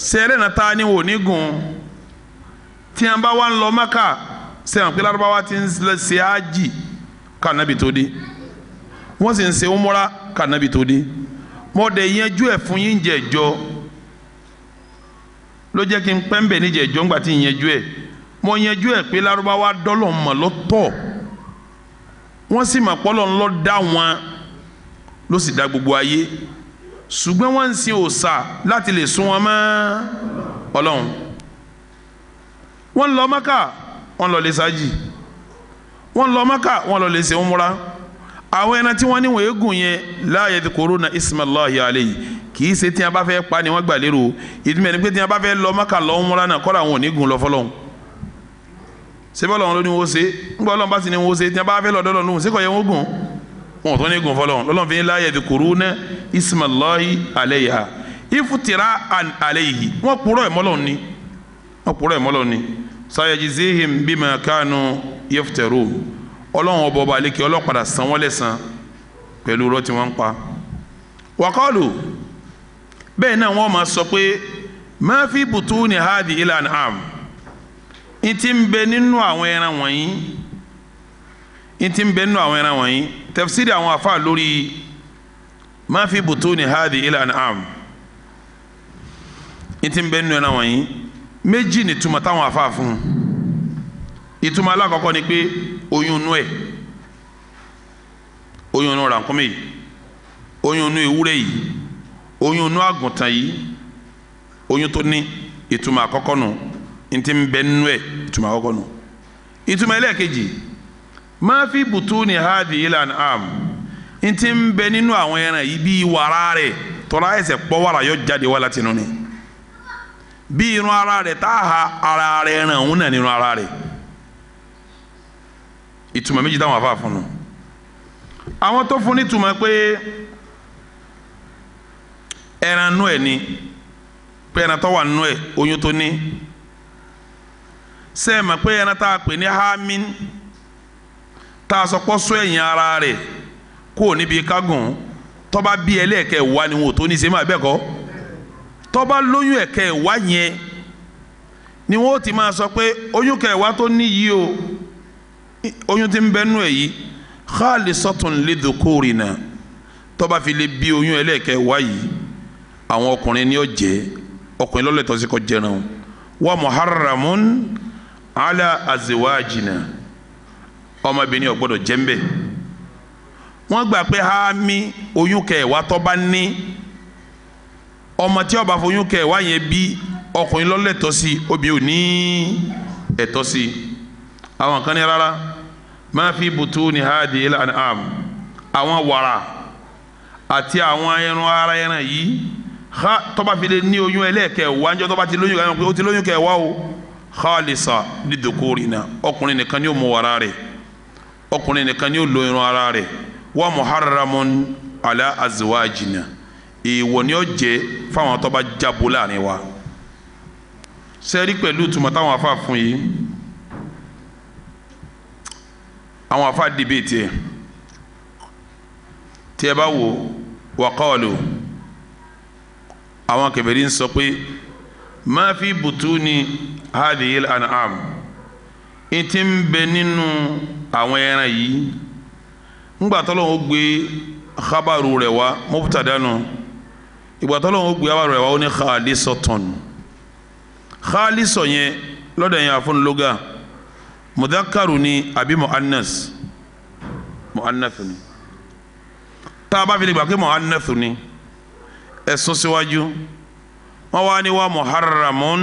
sẹ́rẹ̀ náà ta ni wò ní gùn tí a bá wà ń lọ mẹ́kà sẹ́wọ̀n pé lárúbáwá ti ń ṣe ájì ká nàbì tó dé wọ́n sì ń ṣe umura ká nàbì tó dé mo dẹ̀ yanjú ẹ̀ fún yín jẹ̀jọ́ ló jẹ́ kí n pẹ́ ń ní jẹ̀jọ́ ńgbà tí ń yanjú ẹ̀ mo yanjú ẹ̀ pé lárúbáwá dọ́lọ̀ mọ̀ lọ́tọ̀ wọ́n sì mọ̀ pọ́lọ́ ńlọ́ dá wọn ló sì dá gbogbo ayé. ṣùgbọ́n wọ́n ń sin òòṣà láti lè sún wọn mọ́ ọlọ́run wọ́n ń lọ mọ́kà wọ́n ń lọ lè sájì wọ́n ń lọ mọ́kà wọ́n ń lọ lè ṣe umura àwọn ẹran tí wọ́n ní eégún yẹn la yadhkuruna ismallahi alayhi kì í ṣe tí a bá fẹ́ pa ni wọ́n gbà lérò ìdúmẹ̀ pé tí a bá fẹ́ lọ mọ́kà náà lọ fọlọ́hún ló ní ṣe bá ní ismallahi alayha ifutira alayhi wọ́n purọ́ ẹ̀ mọ́lọ́run ni wọ́n purọ́ ẹ̀ mọ́lọ́run ni sayajizihim bima kanu yefteru ọlọ́run ọba ọba aleke ọlọ́padà san wọ́n lẹ́san pẹ̀lú irọ́ tí wọ́n ń pa wàkọ́ọ̀lù bẹ́ẹ̀ náà wọ́n máa sọ pé ma fi butuni hadi ilan am. n ti ń bẹ nínú àwọn ẹran n ti bẹ nínú àwọn ẹran tafsiri àwọn afa lórí. ma fi butuni hadhihi al-an'am nti bẹ́ẹ̀ nínú ẹ̀ náà wọ̀nyí méjì ni tuma táwọn afáàfún ni pé oyún inú ẹ̀ e. oyún inú rànkúnmí yìí oyún inú ewúrẹ́ yìí oyún inú àgùntàn yìí oyún tó ní ìtumọ̀ àkọ́kọ́ nù ntí e, ń bẹ nínú fi ni n ti n'inu àwọn ẹran yìí bí wàrà rẹ̀ tọ́lá ẹsẹ̀ pọ́ wàrà yọ jáde wá ni bi irun ara rẹ̀ taa ha ara rẹ̀ ràn òun náà nínú ara rẹ̀ ìtumọ̀ méjì táwọn afa funu àwọn tó fún nítumọ̀ pé ẹran nú ẹ̀ ni pé ẹran tó wà nú ẹ̀ oyún tó ní sẹ́ẹ̀ mọ̀ pé ẹran tá a pè ní hamin tá a sọ sọ ẹ̀yìn ara rẹ̀. kúrò níbi kágùn tọ́ba bí ẹlẹ́ẹ̀kẹ́ wá ni wọn ò tó ní í ṣe kọ́ tọ́ba lóyún ẹ̀kẹ́ wá yẹn ni wọn ó ti máa sọ pé oyún kẹwà tó níyì o oyún ti ń bẹnu ẹ̀ yìí khalisatun lidhukurina tọ́ba fi lè bí oyún ẹlẹ́ẹ̀kẹ́ wá yìí àwọn ọkùnrin ni ó jẹ́ ọkùnrin lọ́lẹ́tọ̀ sí kó jẹran wa muharramun ala azwajina ọmọbìnrin ò gbọ́dọ̀ jẹ́ ń bẹ́ẹ̀ wọ́n gbà pé hami oyún kẹwàá tọ́ba ní ọmọ tí ọba foyún kẹwàá yẹn bí ọkùnrin lọ́lẹ́tọ̀ sí obìnrin ò ní ẹ̀tọ́ sí àwọn kan ní rárá máa fi butu ni hadi ilan am àwọn wàrà àti àwọn ẹran ara ẹran yìí ha tọ́ba fi lè ní oyún ẹlẹ́ẹ̀kẹwàá níjọ́ tọ́ba ti lóyún kẹwàá o ti lóyún kẹwàá o khalisa ní dòkórìnà ọkùnrin nìkan ni mú wàrà rẹ̀ ọkùnrin nìkan ni ó ara rẹ̀ wa muharramun ala azwajina èèwọ̀ ni ó jẹ́ fáwọn tó bá jábọ̀ láàrin wa sẹ́rí pẹ̀lú tùmọ̀ táwọn afa fún yìí àwọn afa dìbètì ẹ̀ tí ẹ bá wò wa àwọn kèfèrí sọ pé ma fi butuni hadhihi al-an'am ìtì ń bẹ nínú àwọn ẹran yìí ńgbà tọ́lọ́hún ó gbé xabaru rẹ̀ wá mọ́bútàdánù ìgbà tọ́lọ́hún ó gbé xabaru rẹ̀ wá ó ní xaalisọ tán xaalisọ yẹn lọ́dọ̀ yẹn àfọ̀nlógà mudakaru ni àbí muannas muannas ni tá a bá fi gbà pé muannas ni ẹ̀sùn síwájú wọ́n wá ní wa muharramun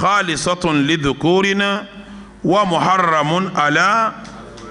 xaalisọ tán lidhukurina wa muharramun ala.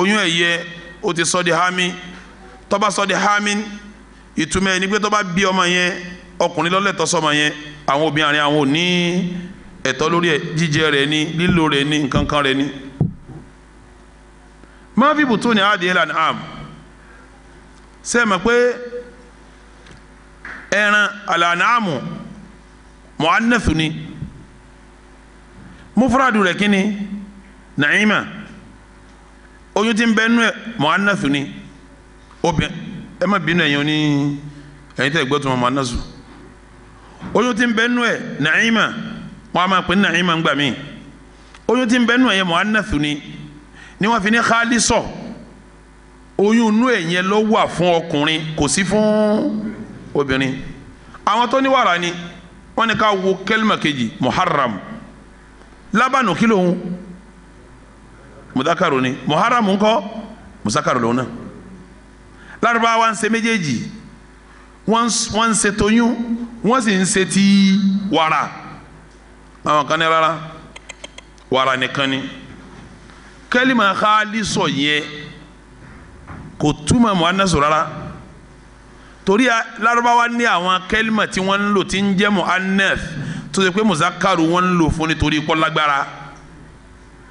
oyún ẹ̀yẹ o ti sọ di hami tọba bá sọ di hami ìtumọ̀ ẹni pé tó bá bí ọmọ yẹn ọkùnrin ló lẹ́tọ̀ọ́ sọmọ yẹn àwọn obìnrin àwọn ò ní lórí jíjẹ ni lílo rẹ ni nkankan rẹ ni. mọ́fì bùtù ni adìyẹ lan am ṣe mọ̀ pé ẹran alànàmù mọ̀ánẹ́fù ni mufradu rẹ̀ kí ni Naima. oyún tí ń bẹ nú ẹ mọ̀ánásù ni obìnrin ẹ má bínú ẹ̀yin oní ẹ̀yin tẹ̀ gbọ́ tó mọ̀ mọ̀ánásù oyún tí ń bẹ nú ẹ nàìmà wọn a máa pè ní nàìmà ńgbà míì oyún tí ń bẹ nú ẹ mọ̀ánásù ni ni wọ́n fi ní xaalisọ̀ oyún inú ẹ̀ ló wà fún ọkùnrin kò sí fún obìnrin àwọn tó ní wàrà ni wọ́n ní ká wo kẹ́límà kejì muharram lábànú kí lóhun mudakaru ni muharamu ńkọ́ musakaru lòun náà Lárúbáwá ń ṣe méjèèjì wọ́n ń ṣe toyún wọ́n sì ń ṣe ti wàrà àwọn kan ní rárá wàrà nìkan ni kẹ́límà xaali sọ yẹn kò túmọ̀ muhannasu rárá torí Lárúbáwá ní àwọn kẹ́límà tí wọ́n ń lò tí ń jẹ́ muhannas tó ṣe pé musakaru wọ́n ń lò fún nítorí kò lágbára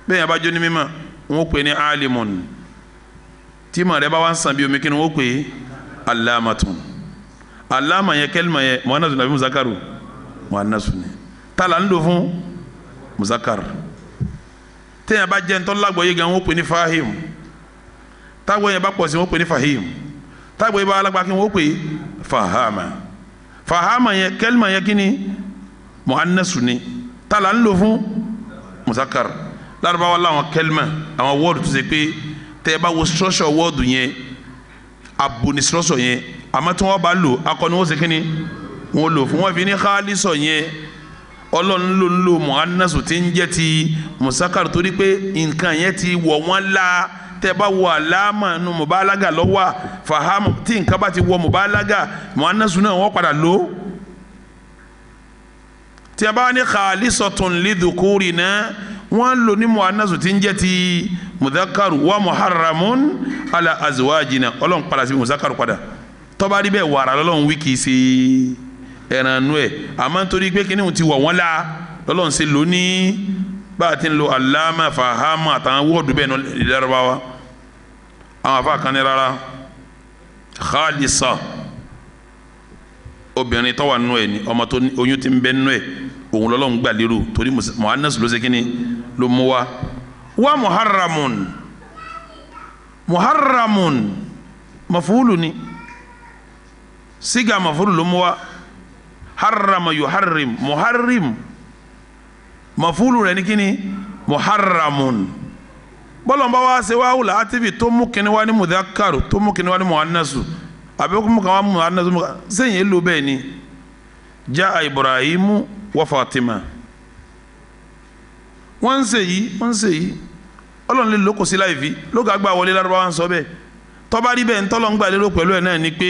bẹ́ẹ̀ yẹn abájọ́ wọ́n pè ní alimun tí màá rẹ bá wá ń sàn bí omi kí ni wọ́n pè alamatun alama yẹn kẹlima yẹn muhannasu nabi muzakaru muhannasu ni tala ń lò fún muzakar téèyàn bá jẹ́ ntọ́ lágbọ̀ọ́yé gan wọ́n pè ní fahim tágbọ̀ yẹn bá pọ̀ sí wọ́n pè ní fahim tágbọ̀ yẹn bá alágbá kí wọ́n pè fahama fahama yẹn kẹlima yẹn kí ni muhannasu ni tala ń lò fún muzakar lárúbáwá làwọn kẹlímà àwọn wọ́ọ̀dù tó ṣe pé tẹ́ ẹ bá wo structure wọ́ọ̀dù yẹn abo ni structure yẹn àmọ́ tí wọ́n bá lò akọni wọ́n ṣe kínni wọ́n lò fún wọn fi ní xaalisọ yẹn ọlọ́run ló ń lo muhannasu tí ń jẹ́ ti musakar torí pé nǹkan yẹn ti wọ̀ wọ́n la tẹ́ bá wọ àlámà nu mubalaga lọ́wọ́ fahamu tí nǹkan bá ti wọ mubalaga muhannasu náà wọ́n padà lò ó tí a bá ní xaalisọ tún lidukuri náà wọ́n lò ní muhannasu tí ń jẹ́ ti mudakaru wa muharramun ala azuwajina ọlọ́run padà sí mudakaru padà tọ́ba rí bẹ́ẹ̀ wàrà lọ́lọ́run wí kì í ṣe ẹ̀rànú ẹ̀ àmọ́ nítorí pé kíní ti wọ̀ wọ́n la lọ́lọ́run ṣe lò ní bá a ti ń lo alama fahama àtàwọn wọ́ọ̀dù bẹ́ẹ̀ nọ ìdárabáwa àwọn afa kan ní rárá khalisa obìnrin tọ́wà nù ẹ̀ ni ọmọ tó oyún ti ń bẹ nù ẹ̀ òun lọ́lọ́run gbà lérò torí muhannas ló ṣe kínní ló mú wa wá muharramun muharramun mafulu ni siga mafulu ló mú wa harrama yuharrim muharrim mafulu rẹ̀ ní kínní muharramun bọ́lọ̀ wa wá ṣe wá wùlà átìbì tó mú kínní wá ní mudhakkaru tó mú kínní wá ní muhannasu àbí ó mú kàn wá muhannasu sẹ́yìn èlò bẹ́ẹ̀ ni jaa ibrahimu wa Fatima wọ́n ń ṣe yìí wọ́n ń ṣe yìí ọlọ́run lè lóko sí láì fi lóko àgbà wọlé lárúbáwá ń sọ bẹ́ẹ̀ tọ́ba rí bẹ́ẹ̀ ntọ́lọ́ ń gbà lérò pẹ̀lú náà ni pé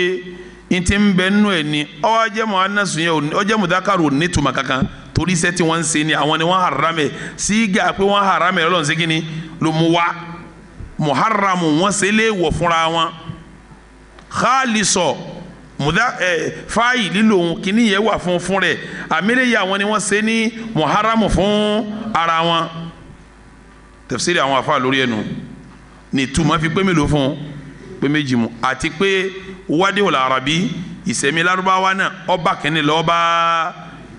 n ti ń bẹ nínú ẹ̀ ni ọwọ́ ajẹ́ anasun yẹn ọjẹ́ mu dakaru ò ní tuma kankan torí iṣẹ́ tí wọ́n ń ni àwọn ni wọ́n haramẹ̀ sígà pé wọ́n haramẹ̀ ọlọ́run ṣe kí ni ló mu wá muharamu wọ́n ṣe lé wọ̀ fúnra wọn khalisọ muda ẹ eh, fáyì lílo òun kìíní yẹn wà fún fún rẹ àmìlẹyà àwọn ni wọn ṣe ní muharamu fún ara wọn tẹfsiri àwọn afa lórí ẹnu ní tuma fi pé mélòó fún pé méjì mu àti pé wádìwòlá arabi ìsẹ̀mí larubawa náà ọba kìíní lọ ọba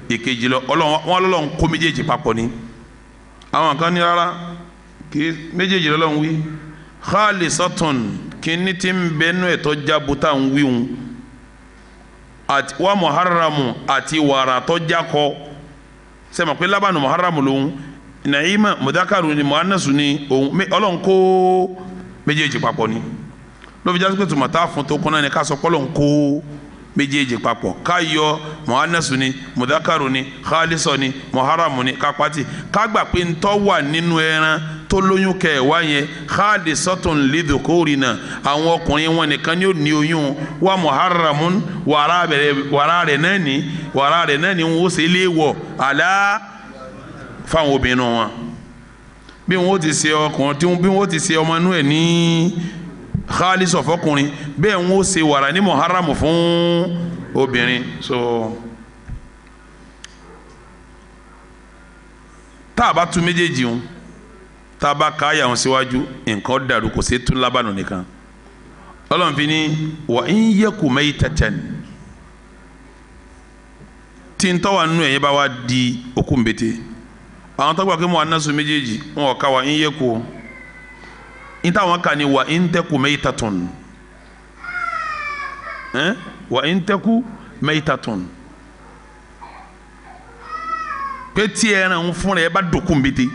èkejì lọ wọn lọ́lọ́run kó méjèèjì papọ̀ ni àwọn kan ní rárá kì í méjèèjì lọ́lọ́run wí khalisatun kìíní ti ń bẹnu ẹ̀tọ́ jábútà Ati wa muharramu ati wàrà tọ́jákọ sẹ́mi pé labanu muharramu lòun nàìjíríà mọ̀dákàrú ni muhannasu ni òun ọlọ́run kó méjèèjì papọ̀ ni lóbi jásí pé tòmọ̀tá fún tó kún ni ká sọ pé méjèèjì papọ̀ ká yọ mọ̀hánẹ́sù ni mọ̀dákàrò ni khalisọ ni mọ̀háràmù ni kápátì ká gbà pé ntọ́ wà nínú ẹran tó lóyún kẹwàá yẹn khalisatun lidhukurina àwọn ọkùnrin wọn nìkan ni ó ní oyún wa mọ̀háràmù wàrà rẹ̀ náà ni wàrà rẹ̀ náà ni wọn ó ṣe léèwọ̀ àlá fáwọn obìnrin wọn bí wọn ó ti ṣe ọkùnrin bí wọn ó ti ṣe ọmọ inú ẹ̀ ní khalisọ fọkùnrin bẹ́ẹ̀ ń ó ṣe wàrà ní muharram fún obìnrin so tá a bá tu méjèèjì ń tá a bá ka àyà wọn síwájú nǹkan kò sí tún lábànú nìkan ọlọ́run fi wà ń yẹ̀kù mẹ́yì tẹ̀tẹ̀ ni tí ń tọ́wà bá wá di okùn bété àwọn tó gbà pé mo wà nínú méjèèjì wọn ò wà ń yẹ̀kù o n táwọn kà ní wà ń tẹ́kù mẹ́yìtàtún wà ń tẹ́kù mẹ́yìtàtún pé tí ẹran ń fúnra ẹ bá dòkun bìtì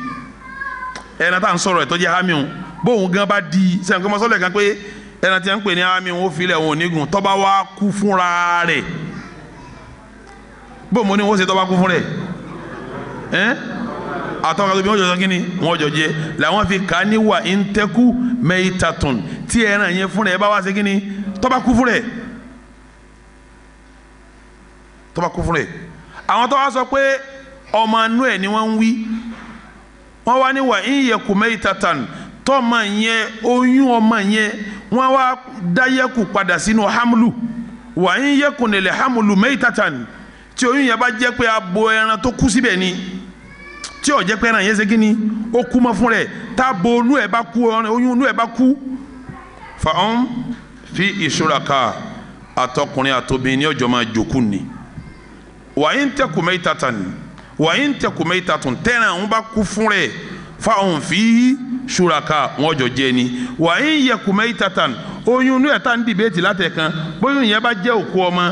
ẹran tá à ń sọ̀rọ̀ ẹ̀ tọ́jú hamiu bóun gan bá di sẹ́yìn kọ́mọ́sọ́lẹ̀ kan pé ẹran tí a ń pè ní hamiu ó filẹ̀ òun onígun tọ́ba wa kú fúnra rẹ̀ bóun mo ní wọ́n ṣe tọ́ba kú fúnra ẹ̀ àtàwọn akẹ́kọ̀ọ́ bí wọ́n jọ sọ kí ni wọ́n jọ jẹ làwọn fi kà á ní wà ń tẹ́kù mẹ́ìtàtùn tí ẹran yẹn fún rẹ̀ ẹ bá wá ṣe kí ni tọ́ba kú fún rẹ̀ tọ́ba kú fún rẹ̀ àwọn tó sọ pé ọmọ anú ẹ̀ ni wọ́n ń wí wọ́n wá ní wà ń yẹkù mẹ́ìtàtàn tọ́ọ̀mà yẹn oyún ọmọ yẹn wọ́n wá dáyẹ̀kù padà sínú hamlu wà ń yẹkù nílẹ̀ hamlu mẹ́ìtàtàn tí oyún yẹn bá jẹ́ pé abo ẹran tó kú síbẹ̀ ni tí ó jẹ́ pé ẹran yẹn ṣe kíni ó kú mọ́ fún rẹ̀ táàbò onú ẹ̀ bá kú oyún onú ẹ̀ bá kú fàáhùn um, fi ìṣúra ká àtọkùnrin àtobìnrin ní ọjọ́ máa jòkú ni wàyí ń tẹkùn mẹ́ta tà ní wàyí ń tẹkùn mẹ́ta tún tẹ́ran òun bá kú fún rẹ̀ fàáhùn um fi ìṣúra ká wọ́n jọ jẹ́ ni wàyí ń yẹkùn mẹ́ta tà ní oyún onú ẹ̀ tá ń dìbẹ́tì látẹ̀kan bóyún yẹn bá jẹ́ òkú ọmọ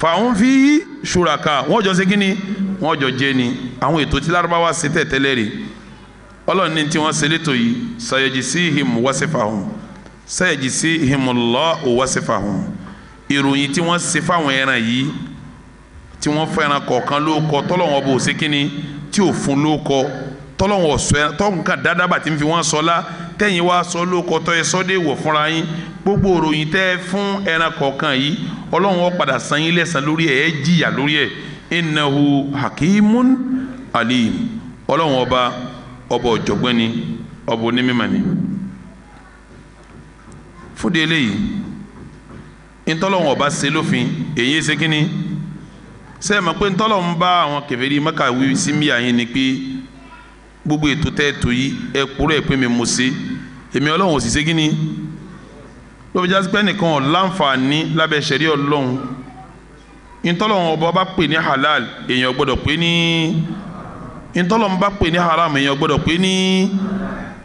fàáhùn um fi ìṣúra ká wọ́n jọ ṣe kíni wọ́n jọ jẹ́ ni àwọn ètò tí lárúbáwá ṣe tẹ̀tẹ́lẹ̀ rè ọlọ́run ní tí wọ́n ṣe létò yìí sọ̀yẹ̀jì sí ìhìmù wọ́sẹ̀fàhùn sọ̀yẹ̀jì sí ìhìmù lọ́ òwọ́sẹ̀fàhùn ìròyìn tí wọ́n se fáwọn ẹran yìí tí wọ́n fẹ́ràn kọ̀ọ̀kan ló kọ tọ́lọ́wọ́n bò kínní tí ò fún ló kọ sọ ẹ dáadáa ń sọ ló kọ ẹ fúnra yín gbogbo fún ẹran yìí san yín lórí innahu hakimun alim ọlọ́run ọba ọba ọ̀jọ̀gbọ́n ni ọba onímọ̀ ni fúdi eléyìí ntọ́lọ́run ọba ṣe lófin èyí ṣe kínní ṣe é mọ̀ pé ntọ́lọ́run bá àwọn kèfèrí Mẹ́kà wí sí míyà yín ni pé gbogbo ètò tẹ́ẹ̀tò yìí ẹ kúrò ẹ̀ pé mi mo ṣe èmi ọlọ́run ò sì ṣe kínní ló fi nìkan láǹfààní lábẹ́ ṣẹ̀rí ọlọ́run ntọ́lọ́wọ́n ọba bá pè ní halal èèyàn gbọ́dọ̀ pè ní ntọ́lọ́wọ́n bá pè ní haram èèyàn gbọ́dọ̀ pè ní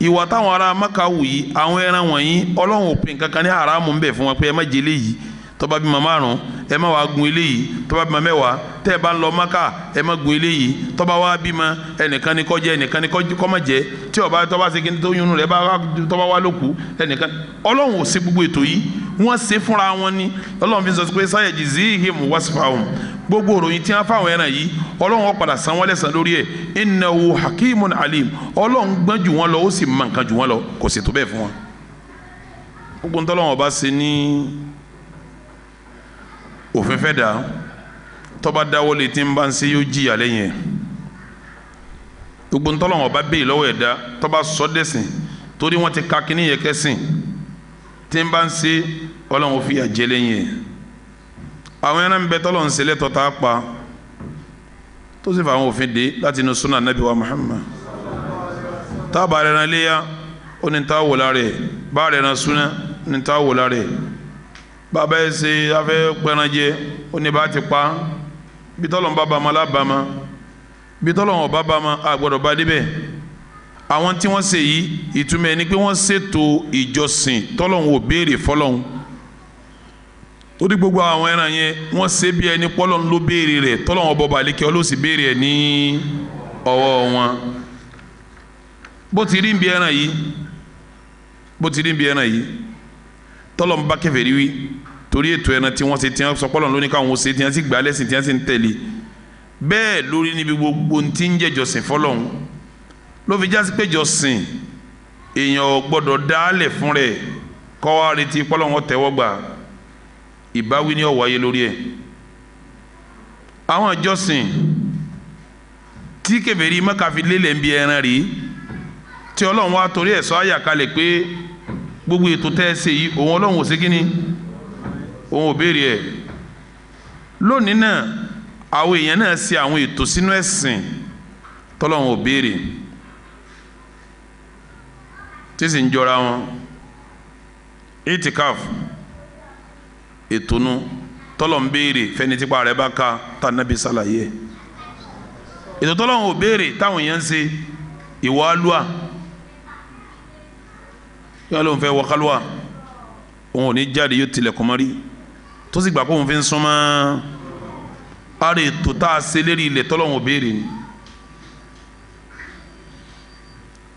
ìwà táwọn ará maka wù yìí àwọn ẹran wọ̀nyí ọlọ́run òpin kankan ní haram ń bẹ fún wọn pé ẹ má jẹ léyìí tó bá bímọ márùn ẹ má wá gun eléyìí tó bá bímọ mẹ́wàá tẹ ẹ bá ń lọ maka ẹ má gun eléyìí tó bá wá bímọ ẹnìkan ni kó jẹ ẹnìkan ni kó má jẹ tí ó bá tó bá segin tó yún rẹ tó bá wá lóku ẹnìkan Ọlọ́run ò ṣe gbogbo ètò yìí wọ́n ṣe fúnra wọn ni Ọlọ́run fi sọ pé sáyẹ̀jì zihim wasfahum gbogbo òròyìn tí wọ́n fáwọn ẹran yìí Ọlọ́run ó san wọ́n lẹ́san lórí ẹ̀ innahu hakimun alim Ọlọ́run gbọ́n jù wọ́n lọ ó sì mọ nǹkan jù wọ́n lọ kò sì tó bẹ́ẹ̀ fún wọn. gbogbo ntọ́lọ́wọ́n ọba ṣe ní òfin fẹ́ da tọ́ba dáwọ́lé tí ń bá ń ṣe yóò jìyà lẹ́yìn ẹ̀ gbogbo ntọ́lọ́wọ́n ọba bẹ́ẹ̀ lọ́wọ́ ẹ̀dá tọ́ba sọ́dẹ̀sìn torí wọ́n ti ka kínní yẹn kẹ́sìn tí ń bá ń ṣe ọlọ́wọ́n fi àjẹ́ lẹ́yìn àwọn ẹran bẹ tọ́lọ̀ ń ṣẹlẹ̀ tọ́ta pa tó sì fà àwọn òfin dé láti inú sunnah nabi wa muhammad táàbà rẹ̀ ran léyà ó ní ta wò lára ẹ̀ bá rẹ̀ ran sunnah ní ta wò lára ẹ̀ bàbá yìí ṣe afẹ́ pẹranjẹ ó ní bá ti pa bí tọ́lọ̀ ń bá bàmọ́ lábàmọ́ bí tọ́lọ̀ ń bá bàmọ́ àgbọ̀dọ̀ bá débẹ̀ àwọn tí wọ́n ṣe yìí ìtumọ̀ ẹni pé wọ́n ṣètò ìjọsìn tọ́lọ̀ ń wò béèrè fọlọ́hún ó dí gbogbo àwọn ẹran yẹn wọ́n ṣe bí ẹni pọ́lọ́ ló béèrè rẹ̀ tọ́lọ́hún ọbọ̀ balẹ̀kẹ́ ọlọ́sì béèrè ẹ̀ ní ọwọ́ wọn bó ti rí ń bí ẹran yìí bó ti rí ń bí ẹran yìí tọ́lọ̀ ń bá kèfèrí wí torí ètò ẹ̀nà tí wọ́n ṣe tí wọ́n sọ pọ́lọ̀ lónìí káwọn ò ṣe tí wọ́n sì gbà lẹ́sìn tí wọ́n sì ń tẹ̀lé bẹ́ẹ̀ lórí níbi gbogbo tí ń jẹ́ jọ̀sìn fọ́lọ́hún ló fi jásí pé jọ̀sìn èèyàn gbọ́dọ̀ dálẹ̀ fún rẹ̀ kọ́ wa retí pọ́lọ́hún tẹ́wọ́ gbà ìbáwí ni ó wáyé lórí ẹ̀ àwọn jọ̀sìn tí kèfèrí mọ́kàfi lélẹ̀ ń bi ẹran rí tí ọlọ́run wa torí ẹ̀ sọ pé gbogbo ètò tẹ́ ẹ ṣe yìí òun ọlọ́run ò ṣe kí ni òun ò béèrè ẹ̀ lónìí náà àwọn èèyàn náà ṣe àwọn ètò sínú ẹ̀sìn tọ́lọ́run ò béèrè tí sì ń jọra wọn itikaf ètò nu tọ́lọ̀ béèrè fẹ́ni tipa rẹ̀ bá ka tá nábì ṣàlàyé ètò tọ́lọ́run ò béèrè táwọn èèyàn ń ṣe ìwà alúwa kí wọn lóun fẹ́ wọ kálúwà òun ò ní jáde yóò tilẹ̀kùn mọ́rí tó sì gbà pé òun fi ń súnmọ́ àrè tó tá a ṣe lérí ilẹ̀ tọ́lọ́hún òbéèrè ni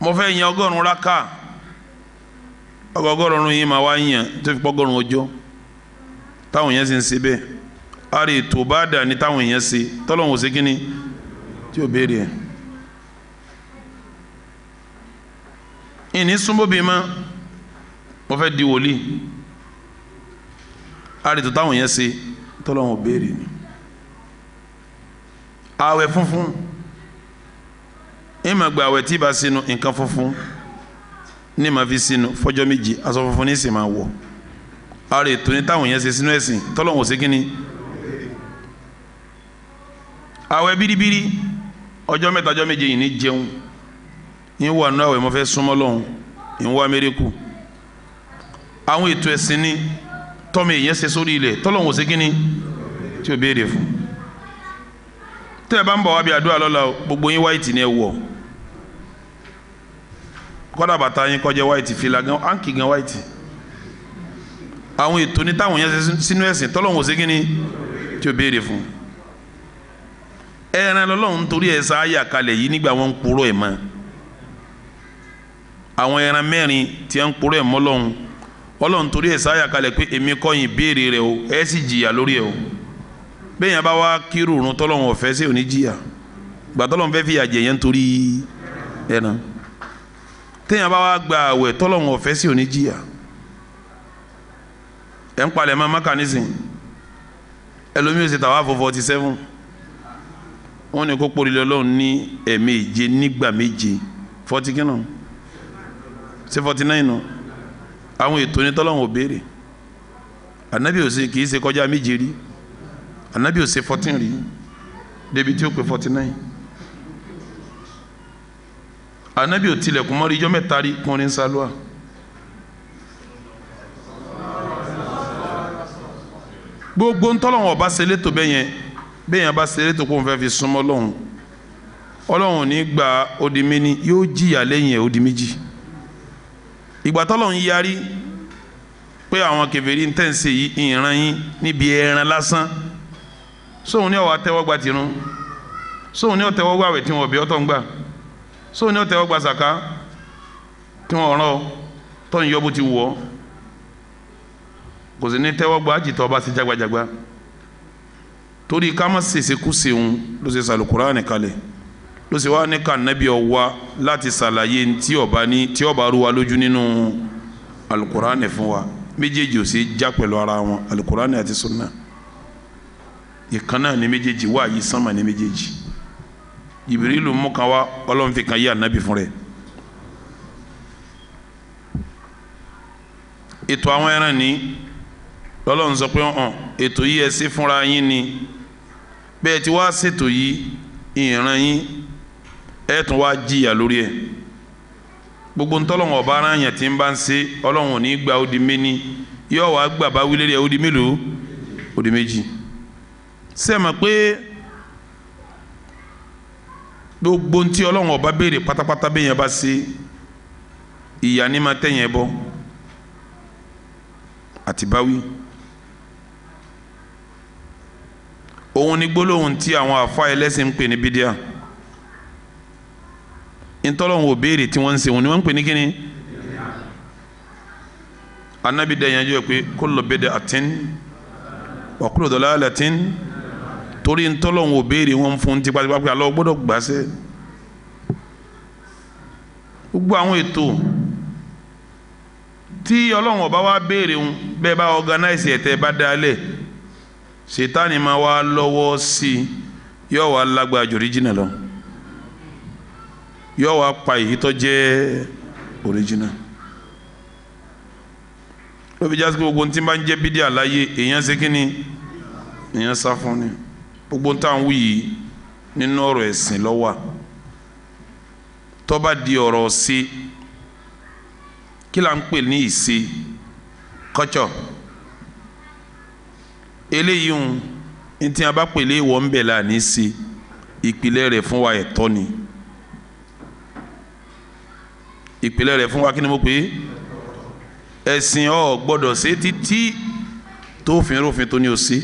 mo fẹ́ yan ọgọ́rùn-ún rákà ọgọ́rùn-ún yìí máa wá yàn tó fi pọ́gọ́rùn-ún ọjọ́ táwọn yẹn sì ń ṣe bẹ́ẹ̀ àrè tó bá dà ní táwọn yẹn ṣe tọ́lọ́hún ò ṣe kínní tí ò béèrè ẹ̀ ìní súnmọ́ bíi máa wọ́n fẹ́ di wòlíì àrètò táwọn yẹn ṣe tọ́lọ́wọ́n béèrè ni àwẹ̀ funfun ìmọ̀ gba àwẹ̀ tí ì bá sínú nǹkan funfun ní ma fi sínú fọjọ́ méjì aṣọ funfun ní sì máa wọ̀ àrètò ní táwọn yẹn ṣe sínú ẹ̀sìn tọ́lọ́wọ́n ṣe kínní àwẹ̀ biribiri ọjọ́ mẹ́ta ọjọ́ méje yìí ní jẹun ń wà nú àwẹ̀ mọ́fẹ́ súnmọ́ lọ́hùn ń wá àwọn ètò ẹ̀sìn ni tọ́mọ èèyàn ṣe sórí ilẹ̀ tọ́lọ́hún òsè kínní tí o béèrè fún tẹ́ ẹ bá ń bọ̀ wá bí àdúrà lọ́la gbogbo yín wáìtì ni ẹ wọ̀ kọ́dà bàtà yín kọjá wáìtì fìlà gan gan wáìtì àwọn ètò ní táwọn ṣe sínú ẹ̀sìn tọ́lọ́hún òsè kínní tí béèrè fún ẹran lọ́lọ́run torí ẹ̀ ọlọ́run torí ẹ̀ sáyà kalẹ̀ pé èmi kọ́yìn béèrè rẹ o ẹ sì jìyà lórí ẹ o bẹ́ẹ̀ yẹn bá wá kírù òrùn tọ́lọ́run ọ̀fẹ́ sí òní jìyà gbàtọ́lọ́run fẹ́ fi àjẹ yẹn torí ẹ̀ náà téèyàn bá wá gba àwẹ̀ tọ́lọ́run ọ̀fẹ́ sí òní jìyà ẹ̀ ń palẹ̀ mọ́ maka nísìn ẹlòmíì ò sì tàwa fọ forty seven wọ́n ní kó pòlìlẹ̀ ọlọ́run ní ẹ̀ẹ̀méje nígbà méje forty kìnnà sí forty nine náà àwọn ètò ní tọ́lọ́wọ̀n ò béèrè ànábì ò ṣe kì í ṣe kọjá méje rí ànábì ò ṣe fourteen rí débi tí ó pé forty nine ànábì ò tilẹ̀kùn mọ́rí ijọ́ mẹ́ta rí kúnrin sálúà. gbogbo ntọ́lọ́wọ̀n ọba ṣe létò bẹ́ẹ̀ yẹn bẹ́ẹ̀ yẹn bá ṣe létò kó n fẹ́ fi súnmọ́ lọ́hùn ọlọ́hun ní gba odi méní yóò jìyà lẹ́yìn ẹ̀ odi méjì ìgbà tọ́lọ̀ ń yarí pé àwọn kèfèrí ń tẹ̀sí ìran yín níbi ẹran lásán sóun ní ọ̀wà tẹ́wọ́gbà tìrún sóun ní ọ̀tẹ́wọ́gbà àwẹ̀ tí wọ́n bí ọ̀tọ̀ ń gbà sóun ní ọ̀tẹ́wọ́gbà sàká tí wọ́n rán ọ tọ́ ń yọ bó ti wù ọ́ kò sí ní tẹ́wọ́gbà àjìtọ́ ọba sí jagbajagba torí ká má ṣèṣe kú ṣeun ló ṣe sàlùkùrá nìkalẹ̀ ló sì wá ní kànábì ọwa láti ṣàlàyé tí ọba ní tí ọba rú wa lójú nínú alukurani fún wa méjèèjì ò sí já pẹ̀lú ara wọn alukurani àti sunna ìkànnà ní méjèèjì wà yìí sánmà ní méjèèjì Jibrilu mú kan wá ọlọ́run fi kan yí ànábì fún rẹ̀ ètò àwọn ẹran ní lọ́lọ́run sọ pé hàn ètò yìí ẹ ṣe fúnra yín ni bẹ́ẹ̀ tí wàá ṣètò yìí ìran yín ẹ tún wá jìyà lórí ẹ gbogbo ntọ́lọ́wọ̀n ọba ara yẹn ti ń bá ń ṣe ọlọ́wọ̀n ò ní gba ó di méní yóò wá gbà bá wílé rẹ̀ ó di mélòó ó di méjì sẹ́mọ̀ pé gbogbo ntí ọlọ́wọ̀n ọba béèrè pátápátá bẹ́ẹ̀ yẹn bá ṣe ìyá ni máa tẹ̀yìn bọ́ àti báwí òun ni gbólóhùn tí àwọn àfa ẹlẹ́sìn ń pè ní bídíà ntọ́lọ́wọ́n ò béèrè tí wọ́n ń ṣe wọn ni wọ́n ń pè ní kíni anabi dẹ̀yẹ̀njú ẹ̀ pé kullu bid'atin wa kullu dalalatin torí ntọ́lọ́wọ́n ò béèrè wọn fún tipátipá pé alọ́ gbọ́dọ̀ gbà sẹ́ gbogbo àwọn ètò tí ọlọ́wọ́n ọba wa béèrè wọn bẹ́ẹ̀ bá ọ̀gánáìsì ẹ̀tẹ́ bá dalẹ̀ ṣètánì máa wá lọ́wọ́ sí yóò wá lágbára jòrí jìnnà yọ wa pa èyí tó jẹ́ original lóbi jásí pé gbogbo ntí bá ń jẹ́ bídí àláyé èèyàn ṣe kí ni èèyàn sá fún ni gbogbo ntá ń wí yìí nínú ọ̀rọ̀ ẹ̀sìn ló wà tó bá di ọ̀rọ̀ ṣe kí là ń pè ní ìṣe kọ́tsọ̀ eléyìí ń ntí a bá pè lé ń bẹ̀ là ní ṣe ìpìlẹ̀ rẹ̀ fún wa ẹ̀tọ́ ni. E ìpìlẹ̀ rẹ̀ fún wa kí ni mo pè é ẹ̀sìn ọ̀ gbọ́dọ̀ ṣe títí tó fin rófin tó ní o sí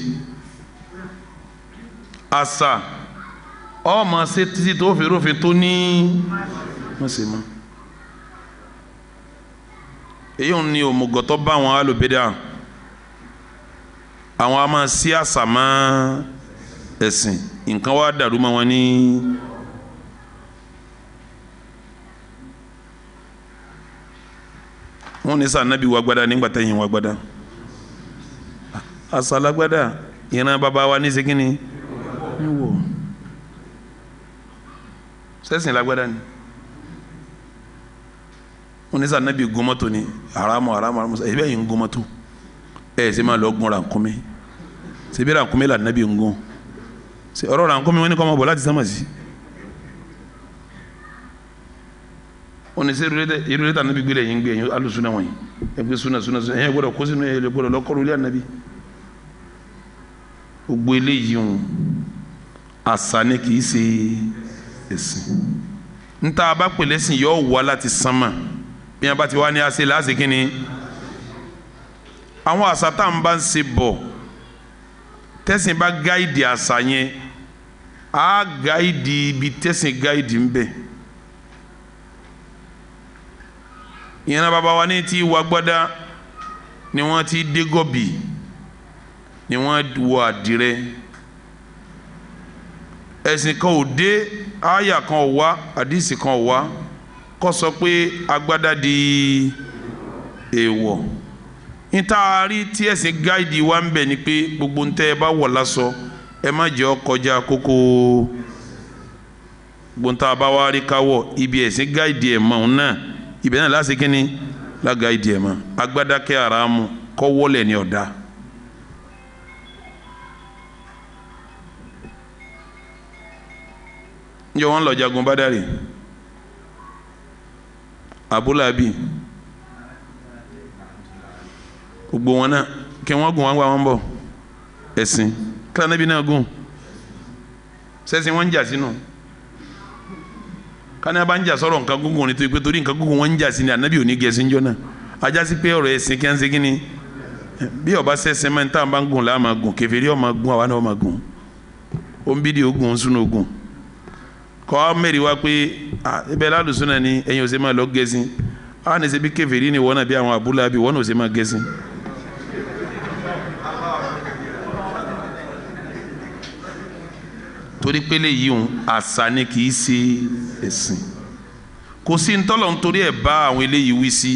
àṣà ọ̀ máa ṣe títí tó fin rófin tó ní má ṣe mọ́ èyí ò òmùgọ̀tọ́ bá àwọn alùbẹ́dà àwọn a máa ṣí àṣà máa ẹ̀sìn nǹkan wá dàrú mọ́ wọn ní. Ni wọn ní sàn nábì wagbada nígbà tẹ̀yìn wagbada àsàlágbada ìran bàbá wa ní segini ń wò sẹ́sìn ni wọn ní sàn nábì gómọ́tò ni haramu haramu haramu ẹ̀ bẹ́ẹ̀ yìí ń gómọ́tò ẹ̀ sì máa lọ gun rànkúnmí ṣebí rànkúnmí la nábì ń gún ọ̀rọ̀ rànkúnmí wọn ní kọ́ ọmọ bọ̀ láti sámà sí i. òní sí irú létà níbi gbélé yìí ń gbé yín alùsùnà wọ̀nyí ẹgbẹ́ súnà súnà súnà ẹ̀yìn gbọ́dọ̀ kó sínú ẹ̀yìn gbọ́dọ̀ lọ́kọ́rù ilé ànábì gbogbo eléyìí ń àṣà ni kì í ṣe ẹ̀sìn níta ti wá ní àṣẹ láti kínni àwọn àṣà à ìyẹn bàbá wa ní ti wà gbọ́dá ni wọ́n ti dé gọ́bì ni wọ́n wọ àdìrẹ ẹ̀sìn kan ò dé àyà kan ò wá àdìsí kan ò wá kọ́ sọ pé agbádá di èèwọ̀ ntaari tí ẹ̀sìn gáìdì wa ń bẹ̀ ni pé gbogbo ntẹ́ ẹ bá wọ̀ lásọ ẹ má jẹ́ ọ kókó gbogbo káwọ̀ ibi ẹ̀sìn gáìdì ẹ̀ mọ̀ náà ibẹ̀ náà láti kínní lága ìdí ẹ̀ mọ́ agbádákẹ́ aramu kọ́ wọ́lẹ̀ ní ọ̀dà. njẹ́ wọ́n lọ jagun bádàrí abúlábì gbogbo wọn náà kí wọ́n gùn wọ́n gbà wọ́n bọ̀ ẹ̀sìn kílánẹ́bí náà gùn sẹ́sìn wọ́n ń jà sínú. no kani a bá ń jà sọ̀rọ̀ nǹkan gúngun ni tó pé torí nǹkan gúngun wọn ń jà sí ni ànábì ò ní gẹ̀ẹ́sì ń jọ́nà ajásí pé ọ̀rọ̀ ẹ̀sìn kí wọ́n ṣe kíni bí ọba sẹ́sẹ́ mẹ́rin tá à ń bá ń gùn láà máa gùn kẹfẹ́rí ọ̀ máa gùn àwa náà máa gùn ogun ń súnú ogun kọ́ á mẹ́rin wá pé ẹbẹ̀ ni ẹ̀yin ò ṣe máa lọ gẹ̀ẹ́sì á ní ṣe bí kẹfẹ́rí ni wọ́n náà bí àwọn àbúlá bí wọ́n náà ò ṣe torí pélé yìí òun àṣà ni kì í ṣe ẹ̀sìn kò sí ntọ́lọ̀ nítorí ẹ̀ bá àwọn eléyìí wí sí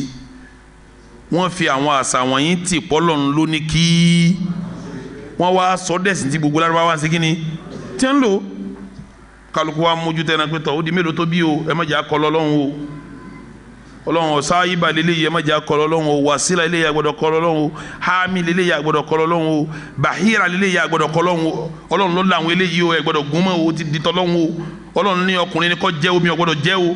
wọ́n fi àwọn àṣà wọ̀nyí tì pọ́lọ̀ ń lò ní kí wọ́n wá sọ dẹ̀sìn tí gbogbo lárúbáwá sí kí ni tí ń lò kálukú wa mójútẹ́ náà pé tọ́ ó di mélòó tó bí o ẹ má jẹ́ akọ́ lọ́lọ́run o ọlọ́run ọ̀sá ayíba lélẹ́yìí ẹ má jẹ́ akọ̀rọ̀ ọlọ́run o wàsílà lélẹ́yìí àgbọ̀dọ̀ kọ̀rọ̀ ọlọ́run o hami lélẹ́yìí àgbọ̀dọ̀ kọ̀rọ̀ ọlọ́run o bahira lélẹ́yìí àgbọ̀dọ̀ kọ̀rọ̀ ọlọ́run o ọlọ́run ló làwọn eléyìí o ẹ̀gbọ́dọ̀ gúnmọ́ o ti di tọ́lọ́run o ọlọ́run ní ọkùnrin kọ́ jẹ́ omi ọgbọ́dọ̀ jẹ́ o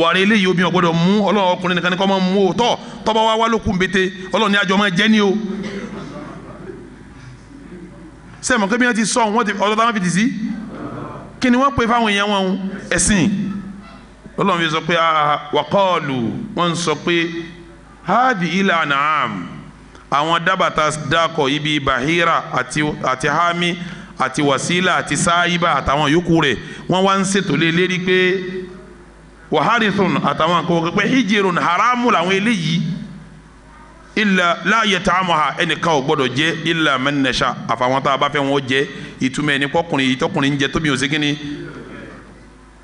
wàrí eléyìí omi ọgbọ́dọ̀ mú ọlọ́run ọkùnrin nìkan ni kọ́ máa mú o tọ́ tọ́ba ọlọ́run fi sọ pé ah, wàkọ́ọ̀lù wọ́n sọ pé háàdì ilà nàám àwọn dábàtà dákọ̀ ibi bahira àti àti hami àti wasila àti sáyíbà àtàwọn yòókù rẹ̀ wọ́n wá ń ṣètò lé lérí pé wàhárìsùn àtàwọn nǹkan pé hijirun haramu làwọn eléyìí ilà láàyè tá a mọ̀ ha ẹnìkan ò gbọ́dọ̀ jẹ́ ilà mẹ́nẹ̀ṣà àfàwọn tá a bá fẹ́ wọn jẹ́ ìtumẹ̀ ní kọkùnrin ìtọkùnrin jẹ́ tóbi ò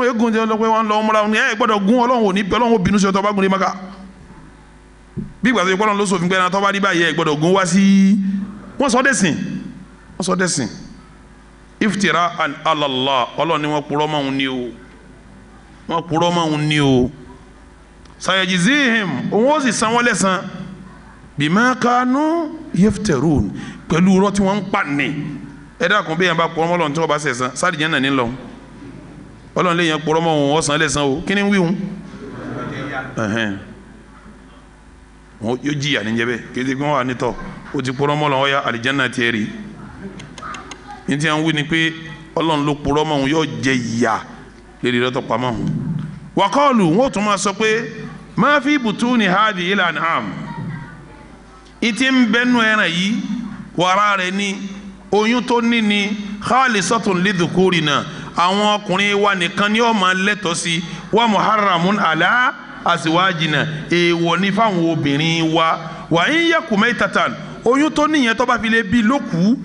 wọn yóò gun ọlọpẹ wọn lọ múra ní ẹ gbọ́dọ̀ gun Ọlọ́run ò ní bẹ Ọlọ́run ò bínú sí gun ní maka bí ìgbà tó yẹ kọlọn ló sòfin gbẹran tó rí báyìí ẹ gbọ́dọ̀ gun wá sí wọn sọ dẹsìn wọn sọ dẹsìn iftira an alallah Ọlọ́run ni wọn purọ́ mọ́ òun ni o wọn purọ́ mọ́ òun ni o sayajizihim òun ó sì san wọn lẹ́san bima kanu yefterun pẹ̀lú irọ́ tí wọn ń pa ní ẹ dákun bí yẹn bá purọ́ mọ́ Ọlọ́run tí wọn bá ṣẹ̀san sáà ọlọ́run lè yẹn pọ̀rọ́ mọ́ òun ọ̀sán lẹ́sàn o kí ni wí wọn yóò jìyà níjẹ bẹ́ẹ̀ kéde kí wọ́n wà nítọ̀ o ti pọ̀rọ́ mọ́ lọ́wọ́ ya àlìjáná tiẹ̀ rí ní tí wọ́n wí ni pé ọlọ́run ló pọ̀rọ́ mọ́ òun yóò jẹ ìyà lérí lọ́tọ̀ pamọ́ òun wakọ́ọ̀lù wọn ò tún máa sọ pé máa fi bùtú ni hadi ilan am ìtì ń bẹnu ẹran yìí wàrà rẹ ni oyún tó ní ni khali sọ́tún lidhukurina náà àwọn ọkùnrin wa nìkan ni ó máa lẹ́tọ̀ọ́ sí wa muharramun ala asiwajina, èèwọ̀ ní fáwọn obìnrin wa wà ń yẹ kùmẹ́ tatan oyún tó níyẹn tó bá fi lè bí lókù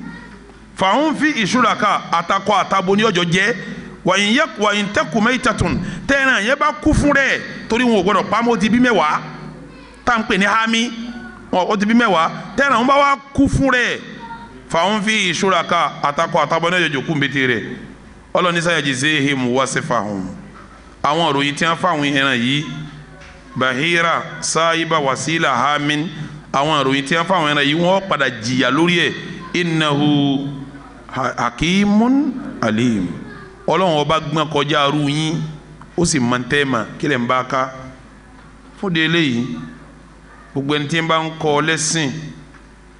fàáhùn fi ìṣúra ká àtakọ àtabo ní ọjọ́ jẹ́ wàyìn yẹ wàyìn tẹkùn mẹ́tàtún tẹ́ran yẹn bá kú fún rẹ̀ torí wọn ò gbọdọ̀ pamọ́ ti bí mẹ́wàá tá à pè ní hami ó ti bí mẹ́wàá tẹ́ran wọn bá wá kú fún rẹ̀ fàáhùn fi ìṣúra àtakọ àtabo ní ọjọ́ jòkú mbẹ́tẹ̀ rẹ̀ ọlọ́ni sáyàjì zéhìm wáṣífà hùn àwọn òròyìn tí wọ́n fáwọn ẹran yìí bahira sáyíbà Wasila, hamin àwọn òròyìn tí wọ́n fáwọn ẹran yìí wọ́n padà jìyà lórí ẹ̀ innahu hakimun alim ọlọ́run ọba gbọ́n kọjá arú yín ó sì máa ń tẹ́ mà kílẹ̀ ń bá ká fúnde eléyìí gbogbo ẹni tí ń bá ń kọ́ lẹ́sìn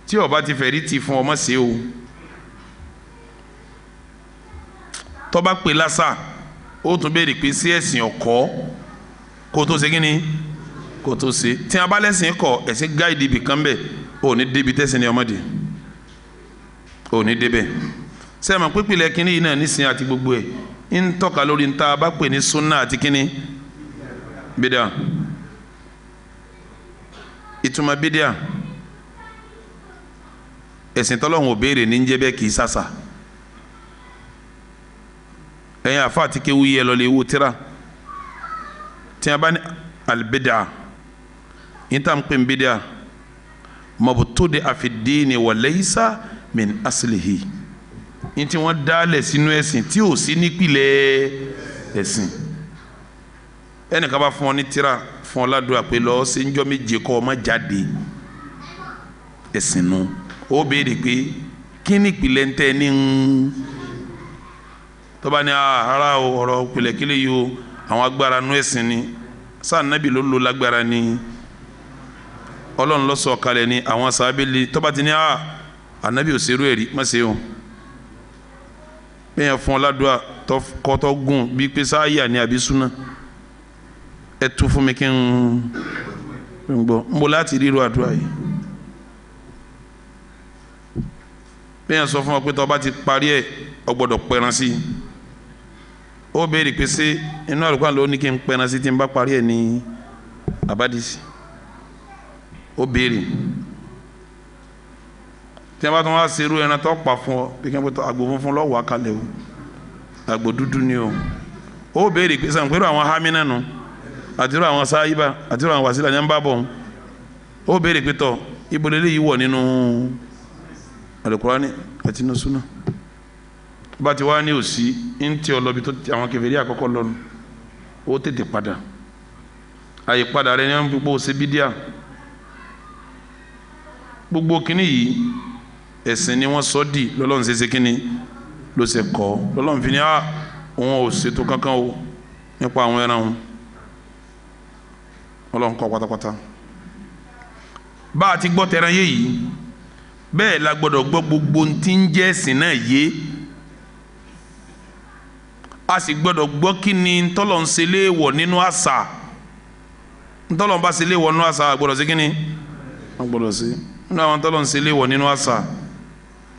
tí ọba ti fẹ̀rí ti fún ọmọ sí o. tó bá pè lásà ó tún béèrè pé sí ẹ̀sìn ọ̀kọ́ kó tó ṣe kíni kó tó ṣe tí a bá lẹ́sìn kọ ẹ̀sìn gáìdì ibì kan bẹ̀ ò ní débi tẹ́sìn ní ọmọdé ò ní débẹ̀ sẹ́mi pípìlẹ̀ kínní yìí náà nísìnyí àti gbogbo ẹ̀ ń tọ́ka lórí níta bá pè ní sunna àti kínní bídà ìtumọ̀ bídà ẹ̀sìn tọ́lọ́hún ò béèrè ní ń bẹ́ẹ̀ kì í sàṣà ẹ̀yin afa àti kéwu yẹ lọ lè wo tira tí a bá ní albidaa yín tá à ń pè ní bidaa mabutudi afi diini wa laysa min aslihi yín tí wọ́n dálẹ̀ sínú ẹ̀sìn tí ò sí nípìlẹ̀ ẹ̀sìn ẹnìkan bá fún ọ ní tira fún ọ ládùúgbò pé lọ ṣe ń jọ méje kọ́ ọ má jáde ẹ̀sìn nu ó béèrè pé kí ni ìpìlẹ̀ ń tẹ́ ẹ ní ń tó bá ní ah, ara ọ̀rọ̀ pìlẹ̀kílẹ̀ yìí o àwọn agbára nú ẹ̀sìn ni sáà nábì ló lo lágbára ni ọlọ́run ló sọ kalẹ̀ ni àwọn sábẹ́lì tó bá ti ní a ah, ànábì ò serú ẹ̀rí má ṣe o bẹ́ẹ̀ yẹn fún ọ kọ́tọ́ gùn bíi pé sáàyà ni àbí súná ẹ tú fún mi kí n gbọ́ n bọ́ láti ríro àdúrà yìí bẹ́ẹ̀ yẹn sọ fún ọ pé tó ti parí ẹ̀ ọ gbọ́dọ̀ pẹran sí i. ó béèrè pé ṣé inú àlùkò àlọ́ ní kí n pẹran sí tí bá parí ẹ̀ ní abadisi ó béèrè tí wọ́n bá tún wá serú ẹran tó pa fún ọ bí kí wọ́n pẹ́ àgbò funfun lọ́wọ́ o àgbò dúdú ni o ó béèrè pé sàn pẹ̀lú àwọn hamina nu àti irú àwọn sáyíbà àti irú àwọn wàsílà ní ó béèrè pé tọ̀ bá ti wá ní òsì ń tí ọ lọ́bi tó ti àwọn kèfèrí àkọ́kọ́ lọ́nu ó tètè padà àyípadà rẹ ní wọn fi pọ́ ṣe bídíà gbogbo kínní yìí ẹ̀sìn ni wọ́n sọ di lọ́lọ́run ṣe ṣe kínní ló ṣe kọ́ lọ́lọ́run fi ní à ah, òun ò ṣètò kankan o nípa àwọn ẹran òun ọlọ́run kọ́ pátápátá bá a ti gbọ́ tẹran yé yìí bẹ́ẹ̀ la gbọ́dọ̀ gbọ́ gbogbo ohun ń jẹ́ ẹ̀sìn náà yé a sì gbọ́dọ̀ gbọ́ kí ni ntọ́lọ̀ ń ṣe léèwọ̀ nínú àṣà ntọ́lọ̀ ń bá ṣe léèwọ̀ nínú àṣà a gbọ́dọ̀ ṣe kí ni a gbọ́dọ̀ ṣe nínú àwọn ntọ́lọ̀ ń ṣe léèwọ̀ nínú àṣà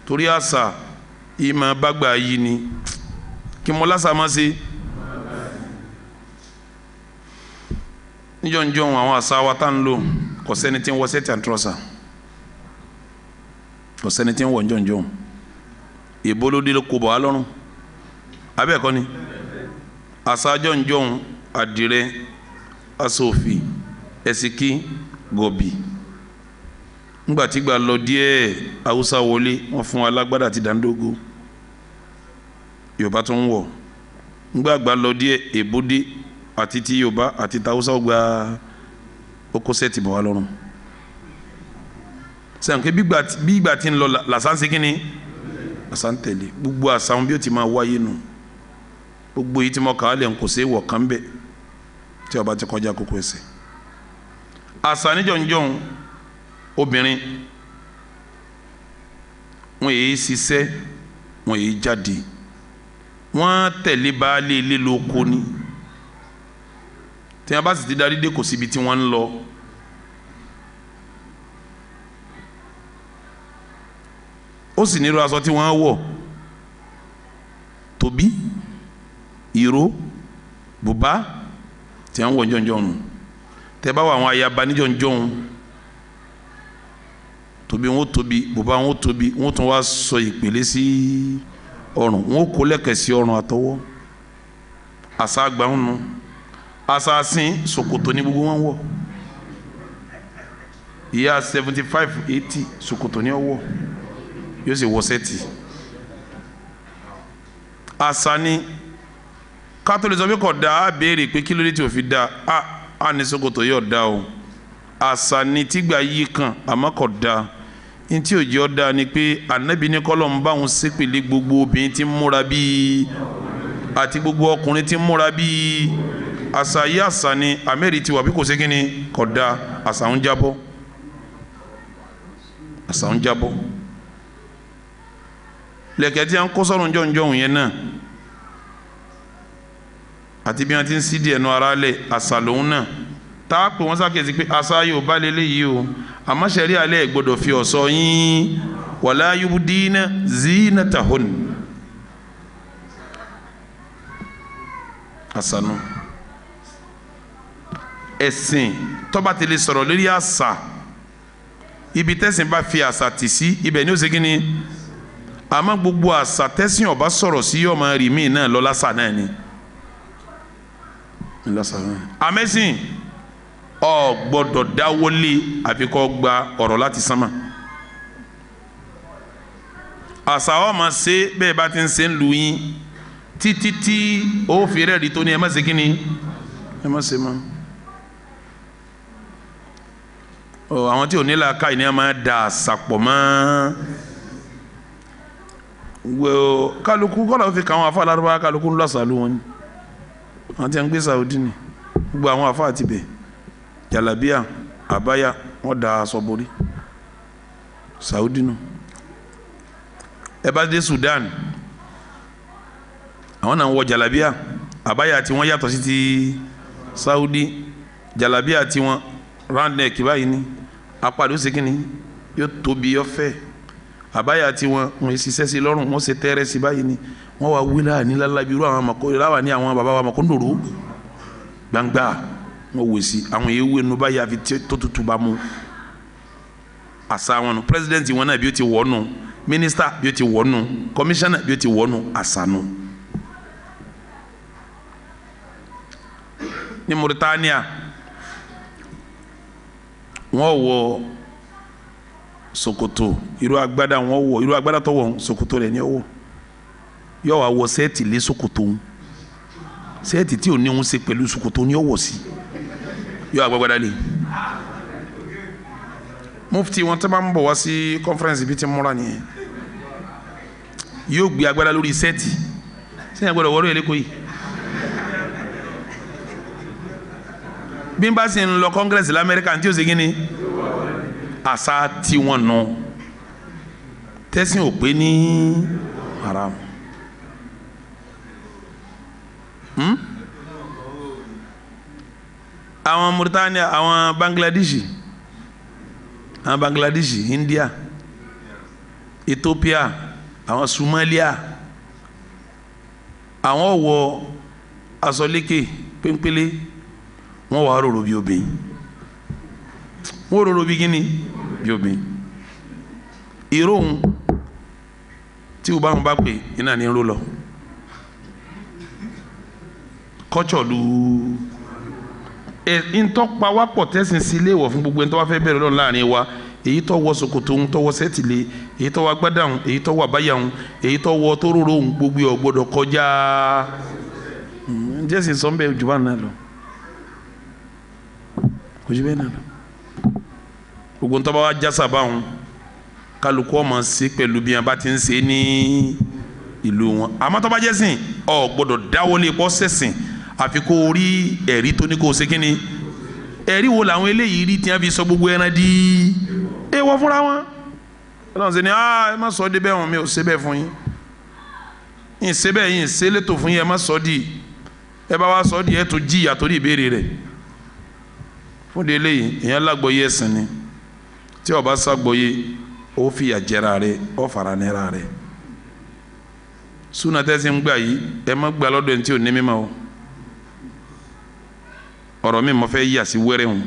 torí àṣà ìmọ̀ bàgbà yìí ni kí mo lásà má ṣe níjọ́njọ́ àwọn àṣà wa tá ń lò kò sẹ́ni tí ń wọ sẹ́tì àtúrọ̀sà kò sẹ́ni tí ń wọ níjọ́njọ́ ìbólódé ló kó bọ̀ á lọ́rùn abẹ́ẹ̀kọ́ ni asájọ́ njọ́hun àdìrẹ asòfì ẹ̀sìkí gọ̀bì ngbàtígbà lọ díẹ̀ haúsá wọlé wọn fún alágbádá àti dàńdógó yorùbá tó ń wọ̀ ngbàgbà lọ díẹ̀ èbúdé àti ti yorùbá àti ti haúsá gba oko sẹ́ẹ̀tì bọ̀ wá lọ́rùn sẹ́yìn bí ìgbà tí ń lọ làṣà ń segin ni làṣà ń tẹ̀lé gbogbo àṣà wọn bí ó ti máa wáyé nù. No gbogbo yìí tí mo kà á lẹ̀ ń kò sí wọ̀ kán bẹ́ẹ̀ tí ó bá ti kọjá kókó ẹsẹ̀ àṣà níjọ̀njọ̀n obìnrin wọn èyí ṣiṣẹ́ wọn èyí jáde wọn tẹ̀lé baálé ilé lóko ni tí wọn bá sì ti darí dé kò síbi tí wọn ń lọ. ó sì nírú aṣọ tí wọ́n á wọ̀ tóbi Iro, buba, tí wọ́n wọ̀ jọ̀njọ̀n nù tẹ́ bá wọ àwọn ayaba ní jọ̀njọ̀n tóbi wọn tóbi bùbá wọn tóbi wọn tún wá sọ ìpele sí ọrùn wọn kó lẹ́kẹ̀ ọrùn àtọwọ́ àṣà àgbàwọn nù àṣà àsìn ṣòkòtò ní gbogbo wọn wọ̀ ìyá seventy five eighty ṣòkòtò ní ọwọ́ yóò sì wọ sẹ́ẹ̀tì àṣà ni kátó lè sọ pé kò da á béèrè pé kí ló dé tí ò fi da á á ní ṣòkòtò yóò da o àṣà ni tígbà yí kan àmọ́ kò da ní tí òjì ọ́ da ni pé ànábì ní kọ́lọ́ ń bá òun ṣépèlé gbogbo obìnrin tí ń múra bíi àti gbogbo ọkùnrin tí múra bíi àṣà yí àṣà ni amẹ́rì ti wà bí kò ṣe kí ni kò da àṣà ń jábọ́ àṣà ń jábọ́ lẹ̀kẹ́ tí a ń kó sọ́run jọ̀ǹjọ̀ǹ yẹn náà àti bí wọ́n ti ń sí díẹ̀ nu ara lẹ̀ àṣà lòun náà tá a pè wọ́n ṣàkíyèsí pé àṣà yóò bá lélẹ̀ yìí o àmọ́ ṣẹ̀rí alẹ́ gbọ́dọ̀ fi ọ̀ṣọ́ yín wàlá yubdina zinatahun àṣà nù ẹ̀sìn tó bá ti lè sọ̀rọ̀ lórí àṣà ibi tẹ́sìn bá fi àṣà tì sí ibẹ̀ ni ó ṣe àmọ́ gbogbo àṣà tẹ́sìn ọ̀bá sọ̀rọ̀ sí yọ̀ọ́ máa rì míì náà náà ni amẹ́sìn ọ gbọ́dọ̀ dáwọ́lé àfi kó gba ọ̀rọ̀ láti sánmà àṣà ọ ma ṣe bẹ́ẹ̀ bá ti ń ṣe ń lu yín títí tí ó fi rẹ́ẹ̀rí tó ní ẹ má ṣe kí ẹ má ṣe mọ́ ọ àwọn tí ò ní làákà yìí ni da àṣà pọ̀ mọ́ wẹ́ẹ́ kálukú kọ́lá fi kàn wọ́n alárúbá kálukú lọ́sàlú wọn ni wọ́n ti ń gbé Saudi ni gbogbo àwọn àfa àti bẹ̀ jàlábíà àbáyà wọ́n da aṣọ borí Saudi nù ẹ bá dé Sudan àwọn náà ń wọ jàlábíà àbáyà tiwọn yàtọ̀ sí ti Saudi jàlábíà tiwọn round neck báyìí ni apàdé ṣe kí ni yóò tóbi yọ abaya àbáyà tiwọn wọ́n ṣiṣẹ́ sí lọ́rùn wọ́n ṣe tẹ́rẹ́ sí báyìí ni wọ́n wá wí láàní lálábi irú àwọn àmàkó láwà ní àwọn bàbá wa àmàkó ń dòrò gbangba wọ́n wò sí àwọn èyí wé nu báyìí àfi tó tutù bá mu àṣà wọn nu pírẹsidẹ́ǹtì wọn náà bí ó ti wọ̀ nù mínísítà bí ó ti wọ̀ nù kọmíṣánná bí ó ti wọ̀ nù àṣà nù. ní Mauritania wọ́n wọ̀ ṣòkòtò irú agbádá wọ́n wọ̀ irú agbádá tó wọ̀ ṣòkòtò rẹ̀ ni ó wọ̀ yóò wá wọ sẹ́ẹ̀tì lé ṣòkòtò ń sẹ́ẹ̀tì tí ò ní òun ṣe pẹ̀lú ṣòkòtò ń yóò wọ̀ sí yóò wá gbọ́gbọ́dá lé mufti wọn tó bá ń bọ̀ wá sí conference bíi ti múra nìyẹn yóò gbé agbára lórí sẹ́ẹ̀tì sẹ́yìn gbọ́dọ̀ wọ́ọ́rọ́ yẹn lẹ́kọ̀ọ́ yìí bí n bá sì ń lọ congress lamẹ́ríkà tí ó segin ni àṣà tiwọn nù tẹ́sán ò pé ní haram. Hmm? àwọn Mauritania àwọn Bangladesh, àwọn Bangladesh, India Ethiopia àwọn Somalia àwọn wọ asọlékè péńpélé wọn wà rorò bí obìnrin wọn rorò bí kíni bí obìnrin ìró òun tí o bá wọn bá pè iná ni ń ro lọ culture lu ẹ e, ntọ́pa wa pọ̀ tẹ́sìn sí ilé ìwọ̀ fún gbogbo ntọ́wá fẹ́ bẹ̀rẹ̀ lọ́nà láàrin wa èyí tó wọ ṣòkòtò ń tó wọ sẹ́tìlẹ̀ èyí tó wọ agbádá ń èyí tó wọ àbáyà ń èyí tó wọ tóróró ń gbogbo ẹ̀ ọ̀gbọ́dọ̀ kọjá jẹ́sì sọ́nbẹ́ jù bá náà lọ kò jù bẹ́ẹ̀ náà gbogbo ntọ́ba wa jásà báwọn kálukú ọmọ sí pẹ̀lú bí wọn bá ti ń ṣe ní ìlú wọn àmọ́ ọ̀ gbọ́dọ̀ dáwọ́lé pọ́ àfi kó o rí ẹ̀rí tó ní kó o ṣe kínni ẹ̀rí wo làwọn eléyìí rí tí wọ́n fi sọ gbogbo ẹran di èèwọ̀ fúnra wọn ọlọ́run ṣe ni ah, ẹ má sọ ọ́ débẹ̀ wọn mi ò ṣe bẹ́ẹ̀ fún yín yín ṣe bẹ́ẹ̀ yín ṣe létò fún yín ẹ má sọ ọ́ di ẹ bá wa sọ ọ́ di ẹ tó jìyà torí ìbéèrè rẹ̀ fún de eléyìí èèyàn lágbóyè ẹ̀sìn ni tí o bá ságbóyè ó fìyà jẹra rẹ̀ ó fara nira rẹ̀ súnà tẹ́sí ń gbà yìí ẹ má gbà lọ́dọ̀ ẹni tí ò ní mímọ́ o ọ̀rọ̀ mi mo fẹ́ yà sí wẹ́rẹ́ hùn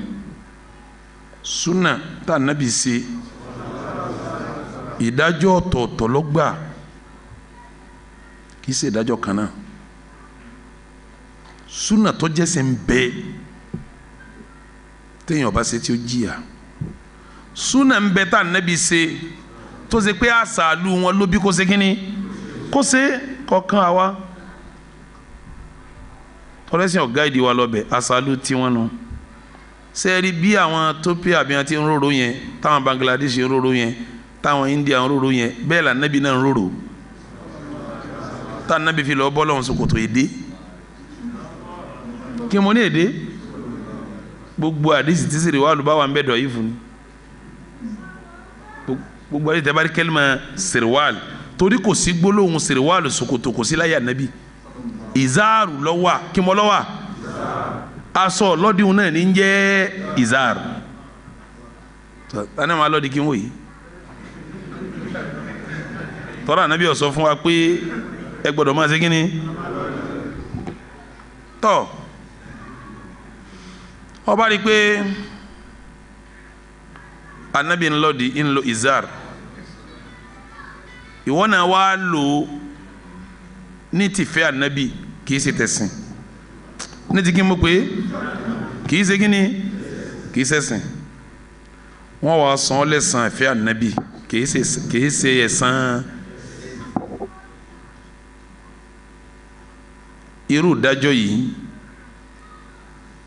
súnà tá a nábì ṣe ìdájọ́ ọ̀tọ̀ọ̀tọ̀ ló gbà kì í ṣe ìdájọ́ kan náà súnà tó jẹ́sẹ̀ ń bẹ téèyàn bá ṣe tí ó jìyà súnà ń bẹ tá a nábì ṣe tó ṣe pé àṣà wọn ló bí kó ṣe kínní kó ṣe kọ̀ọ̀kan àwa tọ́lẹ́sìn ọ̀gá ìdí wa lọ́bẹ̀ àṣàlù tiwọn nu sẹ́ẹ̀rí bí àwọn tópì àbíyàn ti ń rorò yẹn táwọn Bangladesh ń rorò yẹn táwọn India ń rorò yẹn bẹ́ẹ̀ là nẹ́bí náà ń rorò tá nẹ́bí fi lọ́ọ́ bọ́lọ́hún ṣòkòtò èdè kí mo ní èdè gbogbo àdìsí tí wà lùbáwà ń bẹ̀ dọ̀ yìí fún mi gbogbo àdìsí tẹ́ bá rí kẹ́lí ma sèrè wà torí kò sí gbólóhùn sèrè wà lù ṣòkòtò kò sí láyé ànábì. izaru izaaru lɔwa kimɔlɔwa asɔ lɔdiwun náà ni ń jɛ izaaru ma lɔdi kin woyi tɔrɔ anabi yɔ sɔ fún wa pé ɛgbɔdɔ ma segin ni tɔ di pé anabi ń lɔdi ń lo izaaru ìwọ náà wà lò. ní tìfẹ́ ànábì kì í ṣe tẹ̀sìn ní ti kí n mú pé kì í ṣe kí ni kì ṣẹ̀sìn wọ́n wàá san ọ́ lẹ́sàn ìfẹ́ ànábì kì ṣe ẹ̀san irú ìdájọ́ yìí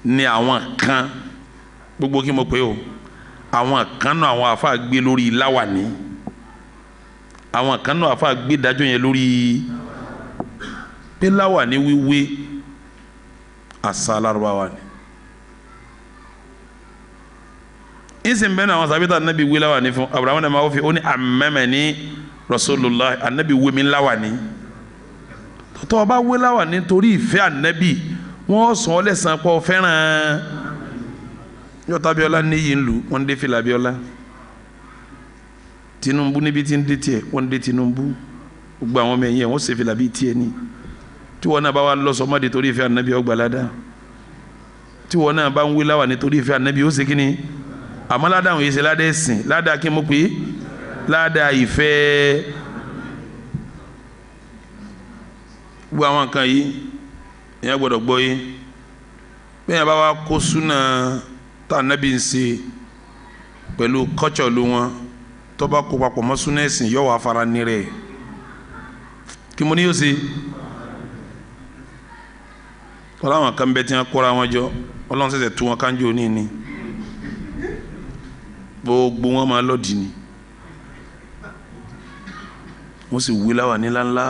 ni àwọn kan gbogbo kí n mọ̀ pé o àwọn kan náà àwọn àfa gbé lórí láwàní àwọn kan náà àfa gbé ìdájọ́ yẹn lórí. Lawa, pé láwà ní wíwé àṣà alárúbáwá ni ìsìn bẹ́ẹ̀ ni àwọn sàbítà anabi wí láwà ní fún abrahamu ní ma wọ́n fi ó ní amẹ́mẹ́ ní rasulullah anabi wí mi láwà ní tọ́tọ́ ọba wí láwà ní torí ìfẹ́ anabi wọ́n sàn ọ́ lẹ́sàn pọ̀ fẹ́ràn yọta abiola níyì ń lu wọ́n dé fìlà abiola tinubu níbi tí ń dé tiẹ̀ wọ́n dé tinubu gbogbo àwọn ọmọ ẹ̀yìn ẹ̀ wọ́n ṣe fìlà bíi tiẹ̀ ni tí wọn náà bá wà lọ́sọ̀mọ́dé torí ìfẹ́ ànábì ọgbàládà tí wọn náà bá ń wí láwà nítorí ìfẹ́ ànábì ó ṣe kíni àmọ́ ládàá òun yìí ṣe ládàá ẹ̀sìn ládàá kí mo pè é ládàá ìfẹ́ gbogbo àwọn nǹkan yìí èèyàn gbọ́dọ̀ gbọ́ yìí bí èèyàn kó súnà tá ànábì ń ṣe pẹ̀lú kọ́tsọ̀ lu wọn tó kó papọ̀ mọ́ súnà ẹ̀sìn yọ̀ wá fara nírẹ̀ kí mo ní yóò ṣe tọ́lá àwọn kan bẹ́ẹ̀ tí wọ́n kóra wọn jọ ọlọ́run ṣẹ̀ṣẹ̀ tú wọn kánjú òní ni gbogbo wọn máa lọ́ọ̀dì ni wọ́n sì wí láwà ní ńláńlá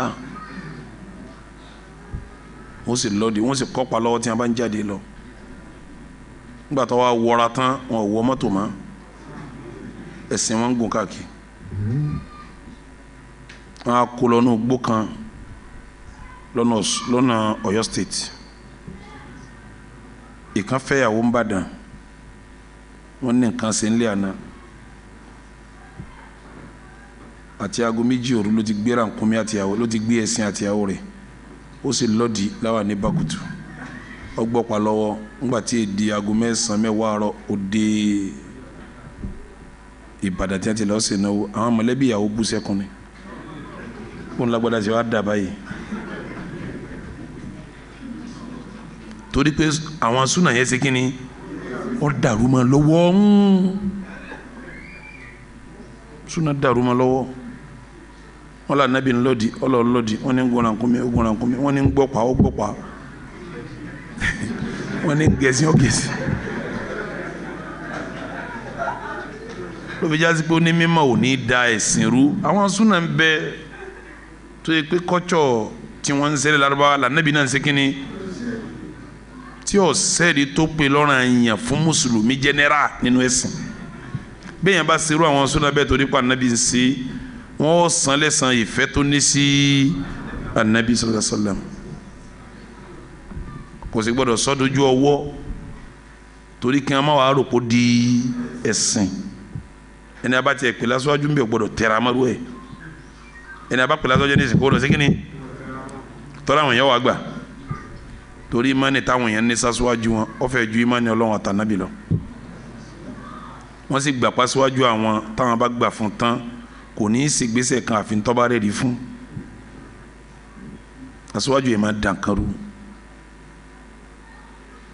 wọ́n sì lọ́ọ̀dì wọ́n sì kọ́pa lọ́wọ́ tí wọ́n bá ń jáde lọ nígbà tó wá wọra tán wọn wọ mọ́tò mọ́ ẹ̀sìn wọn ń gùn káàkiri wọn á kó lọ ní igbó kan lọ́nà Ọ̀yọ́ state. òkè kan fẹ́yàwó ń bàdàn wọ́n ní nǹkan ṣe ńlẹ̀ àná àti aago méjì òru ló ti gbé rànkúnmí àtìyàwó ló ti gbé àtìyàwó rẹ̀ ó sì lọ́ọ̀dì láwà ní bakutu ọgbọpà lọ́wọ́ ńgbà èdè aago mẹ́sàn mẹ́wàá òde ìbàdàn tí ti lọ́ọ́ àwọn bú ni lágbádá dà báyìí torí pé àwọn súnà yẹn ṣe kínní ọ dàrú ma lọ́wọ́ súnà dàrú ma lọ́wọ́ wọn là nàbí ńlọdì ọlọ ńlọdì wọn ní gbọràn kúmi gbọràn kúmi wọn ní gbọpà ó gbọpà wọn ní gẹ̀ẹ́sì ó gẹ̀ẹ́sì. ló fi jásí pé ó mímọ́ ò ní da ẹ̀sìn rú àwọn súnà bẹ tó yẹ pé kọ́tsọ̀ tí wọ́n ń sẹ́lẹ̀ lárúbáwá là nàbí náà ń sẹ́kínni tí ó sẹ́ẹ̀dì tó pe lọ́rùn àyàn fún mùsùlùmí jẹ́nẹ́rà nínú ẹ̀sìn bẹ́ẹ̀ yẹn bá serú àwọn súnà bẹ́ẹ̀ torí pa ànábì ń ṣe wọ́n san lẹ́san ìfẹ́ tó ní sí ànábì sallallahu alaihi wasallam kò sì gbọ́dọ̀ sọ́dójú ọwọ́ torí kí wọ́n má wàá rò pó di ẹ̀sìn ẹni abá tiẹ̀ pè lásìwájú ń bẹ̀ gbọ́dọ̀ tẹ̀ra amárú ẹ̀ ẹni abá pè lásìwájú ní ìsìnkú ọ̀dọ̀ sí kínní tọ́lá àwọn èèyàn wà gbà torí imani táwọn èèyàn ní sásíwájú wọn ó fẹ́ ju imani ọlọ́run àtànábì lọ wọ́n sì gbà pásíwájú àwọn táwọn bá gbà fún tán kò ní í sì gbèsè kan àfi tọ́ba rẹ̀ rí fún aṣíwájú yìí máa dàn kan rú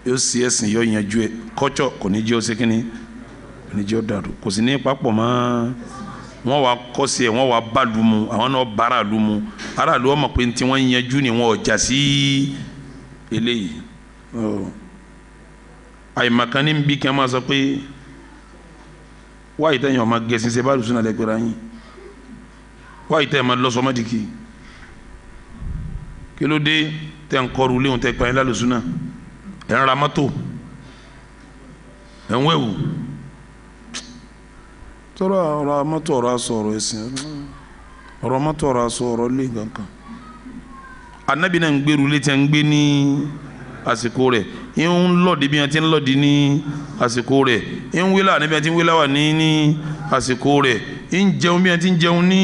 yóò sì ẹ̀sìn yóò yanjú ẹ̀ kọ́tsọ̀ kò ní jẹ́ ó sékìní kò ní jẹ́ ó dàrú kò sì ní papọ̀ mọ́ wọ́n wá kọ́sí ẹ̀ wọ́n wá bá lu mu àwọn náà bára lu mu ara lu ọmọ pé ntí wọ́n yanjú ni wọ́n ọjà sí i eléyìí àyèmàkànní bí kí a máa sọ pé wáyé tẹ̀yìn ọmọ gẹ̀ẹ́sì ṣe bá lùsùn náà lẹ́gbẹ̀rẹ́ yín wáyé tẹ̀yìn ọmọ lọ́sọ̀ ọmọdé kì í kí ló dé tẹ̀ ń kọrù léwọn tẹ̀ pààyàn lálùsùn náà ẹ̀ ń ra mọ́tò ẹ̀ ń wẹ̀wù tọ́ra ọ̀rọ̀ mọ́tò ọ̀rọ̀ aṣọ ọ̀rọ̀ ẹ̀sìn ọ̀rọ̀ mọ́tò ọ̀rọ̀ aṣọ ọ̀rọ̀ lé gankan anabi náà ń gbèrú létí à ń gbé ní àsìkò rẹ̀ ń lọ́ọ̀dì bí wọ́n ti ń lọ́ọ̀dì ní àsìkò rẹ̀ ń wílà níbi wọ́n ti ń wílà wà ní ní àsìkò rẹ̀ ń jẹun bí wọ́n ń jẹun ní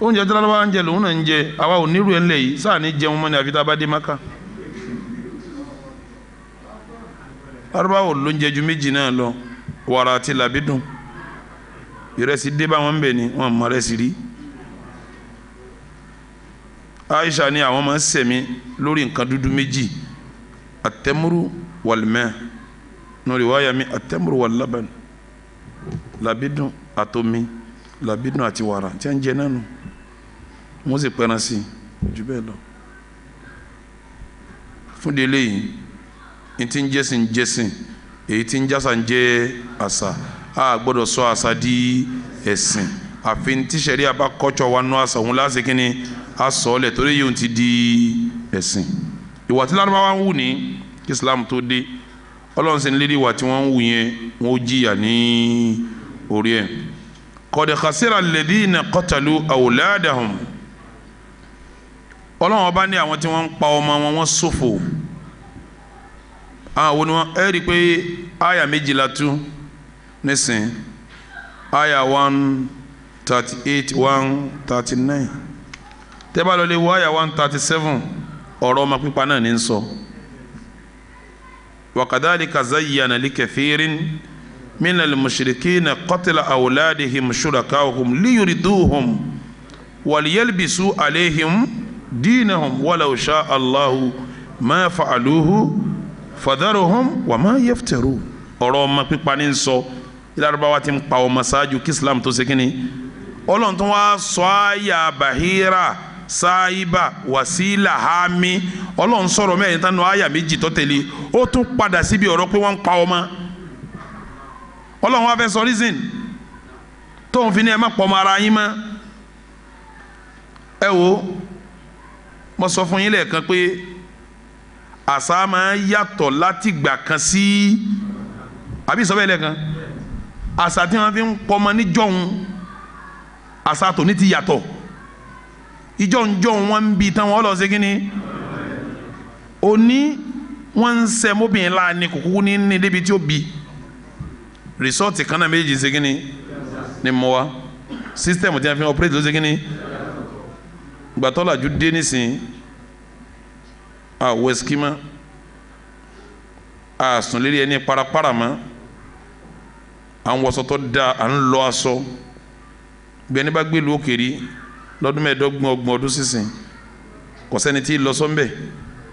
oúnjẹ tó lọ́wọ́ ń jẹ lòun náà ń jẹ àwa ò nírú ẹ̀ ńlẹ̀ yìí sáà ní jẹun mọ́ ni àfi tá a bá dé maka. lárúbáwò ló ń jẹ ju méjì náà lọ wàrà àti làbídùn ìrẹsì dé bá wọn ń bẹ̀ ni wọn mọ ìrẹsì rí aisha ni àwọn máa ń sẹ̀mí lórí nǹkan dúdú méjì atẹ́múrú wàlímẹ́ nùrí wáyà mi atẹ́múrú wàlábẹ́nu làbídùn àtomi làbídùn àti wàrà tí wọ́n ń jẹ náà nù wọ́n sì pẹ́ran sí i jù bẹ́ẹ̀ lọ. fún délé yìí ní ti ń jẹ́sìn ń jẹ́sìn èyí ti ń jásà ń jẹ́ àṣà a gbọ́dọ̀ sọ àṣà di ẹ̀sìn àfi ní tíṣẹ̀rí abakọ́tsọ̀ wa nù àṣà òun láṣẹ kínní a sọ ọ lẹ torí yóò ti di ẹ̀sìn ìwà tí lárúbáwá ń wù ní islam tó dé ọlọ́run sì ń lérí ìwà tí wọ́n ń wù yẹn wọ́n ó jìyà ní orí ẹ̀ kọ̀dẹ̀ kàṣírà lẹ́dí iná kọ́tàlú àwòlẹ́àdàhùn ọlọ́run ọba ní àwọn tí wọ́n ń pa ọmọ wọn wọ́n ṣòfò àwọn ah, ni wọ́n ẹ́ pé àyà méjìlá tú nísìn àyà one thirty eight one thirty nine tẹ́bà lọ́lẹ́ wọ àyà one thirty seven ọ̀rọ̀ ọmọ pípa náà ní ń sọ. وكذلك زين لكثير من المشركين قتل أولادهم شركاؤهم ليردوهم وليلبسوا عليهم دينهم ولو شاء الله ما فعلوه فذرهم وما يفترون ọ̀rọ̀ ọmọ pípa ní sọ ìlàrúbáwá ti ń pa ọmọ ṣáájú kí Islam tó ṣe kínní ọlọ́run tó wá sọ àyà bahira sáyíbà wàsílà hami ọlọ́run sọ̀rọ̀ mẹ́rin tánú àyà méjì tó tẹ̀lé ó tún padà síbi ọ̀rọ̀ pé wọ́n ń pa ọmọ ọlọ́run wá fẹ́ sọ reason tóun fi ní ẹ má pọ̀ ọmọ ara yín mọ́ ẹ wo mo sọ fún yín lẹ́ẹ̀kan pé àṣà máa ń yàtọ̀ látìgbà kan sí àbí ìsọ̀bẹ̀ lẹ́ẹ̀kan àṣà tí wọ́n fi ń pọ̀ ọmọ níjọ́hun àṣà tòní ti yàtọ̀ ìjọ́njọ́ wọn ń bi tán wọn lọ sí kínní òní wọn ń sẹ mọ́bìnrin láàánú kúkú ní ní débi tí ó bi rìsọ́ọ̀tì kan náà méjì sí kínní ni mo wa sísítẹ̀mù tí a fi ọ̀pẹ́rẹ́tì ló sí kínní gbàtọ́làjú dé nísìn àwọ̀ ẹ̀sìkímà àsùnlérí ẹni parapara à ń wọṣọ tó dáa à ń lọ aṣọ bí òkèèrè lọ́dún mẹ́ẹ̀ẹ́dọ́gbọ̀n ọgbọ̀n ọdún sísìn kò sẹ́ni tí lọ sọ́nbẹ̀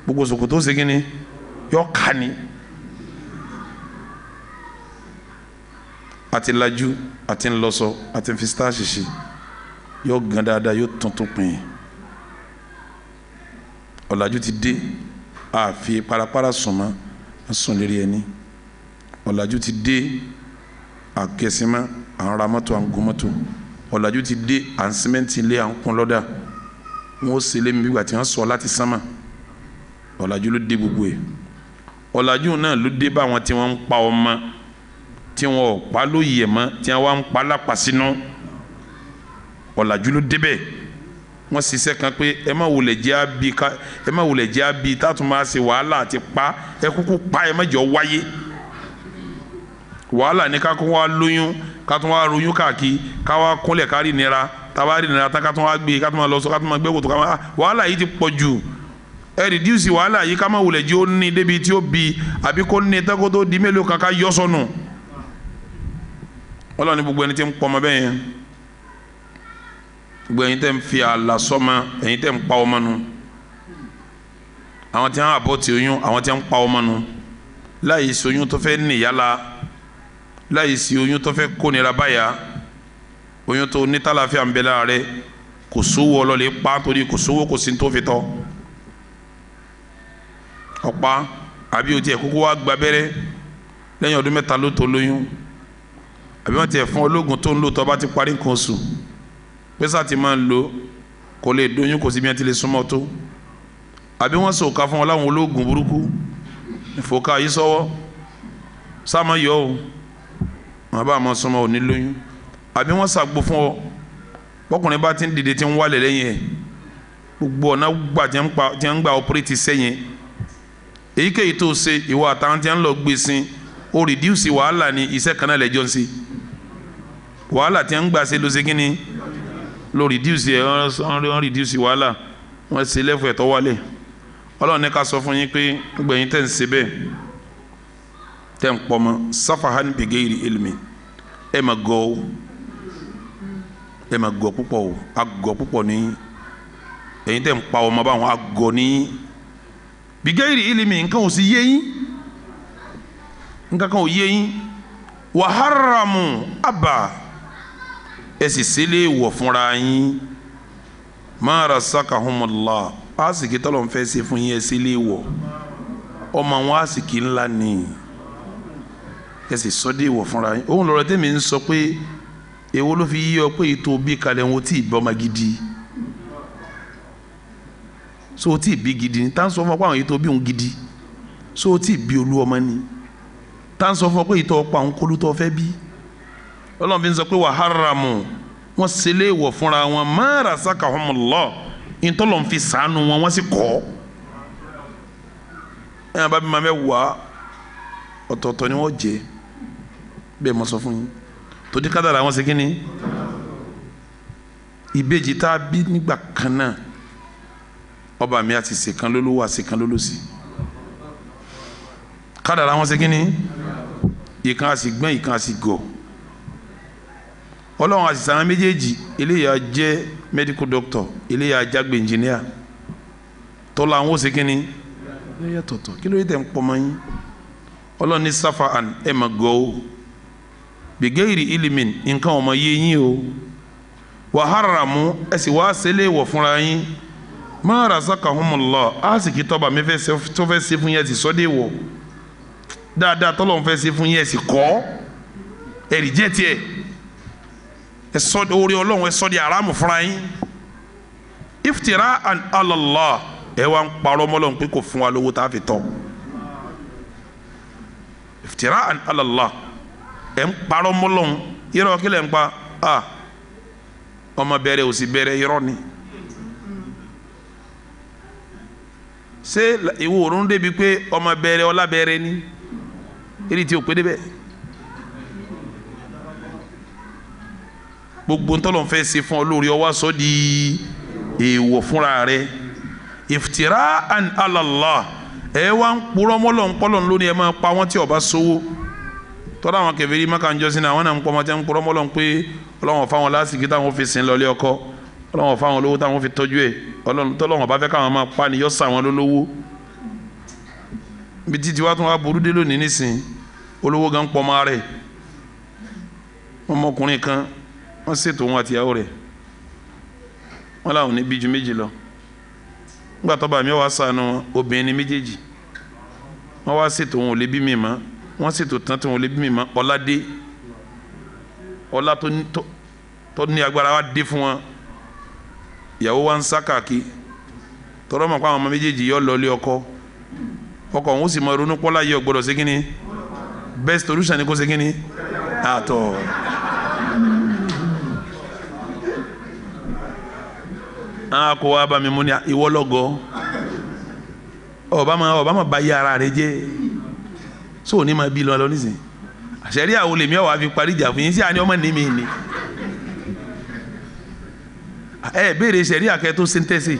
gbogbo ṣòkòtò ṣe kí ni yọ ká ni àti lajú àti ńlọsọ àti nfisita ṣiṣi yọ gan dáadáa yóò tuntun pin ọ̀làjú ti dé àfi parapara sùn mọ́ sùn lérí ẹni ọ̀làjú ti dé àkẹsìmọ́ àwọn ra mọ́tò àwọn gun ọ̀làjú ti dé à ń símẹ́ǹtì lé à ń kún lọ́dà wọn ó sèlé mi bígbà tí wọ́n sọ láti sánmà ọ̀làjú ló dé gbogbo ẹ̀ ọ̀làjú náà ló dé bá wọn tí wọ́n ń pa ọmọ tí wọn ò pa lóye mọ́ tí wọ́n ń pa lápá sínú ọ̀làjú ló débẹ̀ wọ́n ṣiṣẹ́ kan pé ẹ má wulẹ̀ jẹ́ àbí ká ẹ má wulẹ̀ jẹ́ àbí tátùn máa ṣe wàhálà àti pa ẹ kúkú pa ẹ má jọ wáyé wàhálà ní ká kó wá lóyún ká tún wá ronyún káàkiri ká wá kúnlẹ̀ ká rí nira tábà rí nira tán ká tún wá gbé ká tún wá lọ sọ ká tún wá gbé wòtò ká wá wàhálà yìí ti pọ̀ jù ẹ rìdíùsì wàhálà yìí ká má wulẹ̀ jí ó ní débi tí ó bi àbí kó ní tẹ́kó di mélòó kan ká yọ sọnù ọlọ́run ní gbogbo ẹni tí ń pọ̀ ọmọ bẹ́ẹ̀ yẹn gbogbo ẹ̀yin tẹ́ ń fi àlà sọ́mọ ẹ̀yin tẹ́ ń pa ọmọ nu àwọn tí wọ́n àbọ̀ tí oyún àwọn tí wọ́n ń pa ọmọ nu láì soyún tó fẹ́ nìyá láyìí sí oyún tó fẹ́ kó nira báyà oyún tó nítàláfíà ń bẹ lára rẹ kò sówó ọlọ́lẹ̀ pa torí kò sówó kò sí tó fi tọ́ ọ̀pá àbí o tiẹ̀ kókó wá gba abẹ́rẹ́ lẹ́yìn ọdún mẹ́ta ló tó lóyún àbí wọ́n tiẹ̀ fún ológun tó ń lò tó bá ti parí nǹkan oṣù pẹ́sà ti máa ń lò kò lè dóyún kò sí bí wọ́n ti lè súnmọ́ tó àbí wọ́n sòkà fún ọ láwọn ológun burúkú ìfòkà yìí sọ́wọ́ sáà máa yọ ọ́ wọn bá àmọ́ sọmọ òní lóyún àbí wọ́n ṣàgbo fún ọ bọ́kùnrin bá ti ń dìde ti ń wálẹ̀ lẹ́yìn ẹ̀ gbogbo ọ̀nà gbà tí wọ́n ń gba ọ̀pẹ́rẹ́tì sẹ́yìn èyíkéyìí tó ṣe ìwọ àtàwọn tí wọ́n ń lọ gbé sin o rìdíùsì wàhálà ní iṣẹ́ kan náà lẹ́jọ́ ń ṣe wàhálà tí wọ́n ń gbà ṣe ló ṣe kí ni lo rìdíùsì ẹ̀ wọ́n rìdíùsì wàhálà wọ́n ṣe lẹ́fọ̀ ẹ̀tọ́ wálẹ̀ ọlọ́run ní ká sọ fún yín pé gbẹ̀yìn tẹ̀ ń ṣe bẹ́ẹ̀ tem ń pọ́nmọ́ sáfàhán bìgẹ́yìrì ilmi ẹ e ma gọ o ẹ e ma gọ púpọ̀ o a gọ púpọ̀ ní ẹ̀yin tẹ́ ń pa ọmọ báwọn a gọ ní bìgẹ́yìrì ilmi nǹkan ò sí yé yín nǹkan kan ò yé yín wàháràmù àbà ẹ sì sílé wọ̀ fúnra yín ma rasakahumullah àsìkí tọ́lọ̀ ń fẹ́ ṣe fún yín ẹ sílé wọ̀ ọmọ àwọn àsìkí ńlá nìyí kẹsì sọdẹ ìwọ fúnra yín òun lọ̀rọ̀ tẹmí ń sọ pé èwo ló fi yí ọ pé ètò bí kalẹ̀ ń wo tí ìbọn ma gidi so tí ìbí gidi ni tá ń sọ fún ọ pé àwọn ètò bí òun gidi so tí ìbí olú ọmọ ni tá sọ fún ọ pé ìtọ́ ọ̀pọ̀ àwọn kólútọ́ fẹ́ bí ọlọ́run fi ń sọ pé wà haramu wọ́n sele ìwọ̀ fúnra wọn mẹ́ra saka ọmọlọ́ ìtọ́lọ̀ ń fi sànù wọn wọ́n sì kọ́ ẹ̀ bá mi máa mẹ́ wà ọ̀tọ̀ọ̀tọ̀ ni wọ́n jẹ́ bẹ́ẹ̀ mo sọ fún yín tó di kádàrà wọn ṣe kí ni ìbejì tá a bí nígbà kan náà ọba mi àti ṣèkan lólówó àṣekan lólòsì kádàrà wọn ṣe kí ni ìkan àsì gbọ́n ìkan àsì gọ̀ ọlọ́run àti sàrán méjèèjì eléyà jẹ́ medical doctor eléyà jágbe engineer tọ́lá àwọn ó ṣe kí ni lẹ́yà tọ̀tọ̀ kí ló yẹ tẹ̀ ń pọ̀ mọ́ yín ọlọ́run ní sáfà ẹ̀ mà gọ́ o bigayiri ilimin nǹkan ọmọ yé yín o wà haramu ẹ sì wá sẹ́lẹ̀ wọ̀ fúnra yín ma razaqahumullah á sì kí tọ́ba mi tó fẹ́ ṣe fún yẹn sì sọ́dẹ̀ wọ̀ dáadáa tọ́lọ́run fẹ́ ṣe fún yẹn sì kọ́ ẹ̀rì jẹ́ tiẹ̀ ẹ sọ orí ọlọ́run ẹ sọ iftira an alallah ẹ wá ń parọ́ mọ́lọ́run pé kò fún wa lówó tá a fi tọ́ iftira an alallah ẹ̀ ń parọ́ mọ́lọ́hún irọ́ kí lẹ̀ ń pa a ọmọ bẹ̀rẹ̀ òsì bẹ̀rẹ̀ irọ́ ni. ṣé ìwọ òórùn débi pé ọmọ bẹ̀rẹ̀ ọlá bẹ̀rẹ̀ ni eré tí o pé débẹ̀. gbogbo ntọ́lọ́ fẹ́ ṣe fún ọ lórí ọwọ́ di èèwọ̀ fúnra rẹ̀ iftira an alallah ẹ wá ń purọ́ mọ́lọ́ ń pọ́lọ́ ń lónìí ẹ máa pa wọ́n tọ́lá àwọn kèfèrí Mákà ń jọ́sìn náà àwọn náà ń pọ́ ọmọ tí wọ́n ń pọ́ ọmọ lọ́n pé ọlọ́wọ́n fáwọn lásìkí táwọn fi sìn lọ́lé ọkọ ọlọ́wọ́n fáwọn olówó táwọn fi tọ́jú ẹ̀ tọ́lọ́wọ́n bá fẹ́ káwọn máa pa ni yọ́ sà wọn lólówó bí títí wá tún wá burú dé lónìí nísìn olówó gan pọ́ ọmọ rẹ̀ ọmọkùnrin kan wọ́n ṣètò òun àtìyàwó rẹ̀ wọ́n láwọn ní bíjú méjì lọ nígbà tó bá mi wá sànù obìnrin méjèèjì wọ́n wá ṣètò òun ò lè bí mi mọ́ wọ́n ṣètò tán tí wọ́n lè bí mi mọ́ ọlá dé ọlá tó ní agbára wa dé fún wọn ìyàwó wa ń sá káàkiri tọrọ mọ̀ pé àwọn ọmọ méjèèjì yọ lọ ilé ọkọ ọkọ òun sì mọ ronú pọ́lá yìí ọgbọ́dọ̀ ṣe kínní best solution ni kò ṣe kínní àtọ̀. àwọn akọ wa bá mi mú ni ìwọ lọgọ ọba ma ọba ba yí rẹ jẹ́ so òní máa bí lọ lọ nísìn àṣẹrí àwọn olèmí ọwọ àfi parí ìjà fún yín sí àní ọmọ ní mi ni ẹ béèrè ṣẹrí àkẹ tó ṣe ń tẹsí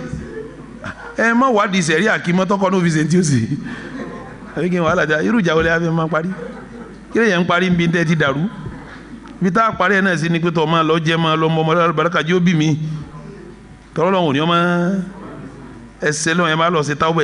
ẹ má wádìí ṣẹrí àkí mọtọkọ ní òfìsè tí ó àbí kí n wàhálà jà irú ìjà wọlé àfi máa parí kí lè ń parí nbí tẹ́ ti dàrú bí tá a parí ẹ náà sí ni pé tọ́ ọ máa lọ jẹ́ máa lọ mọ́ ọmọdé alùbáríkà jẹ́ ó bì mí tọ́lọ́lọ́hùn ni ọmọ ẹsẹ̀ lọ́wọ́ ẹ má lọ ṣe táwọn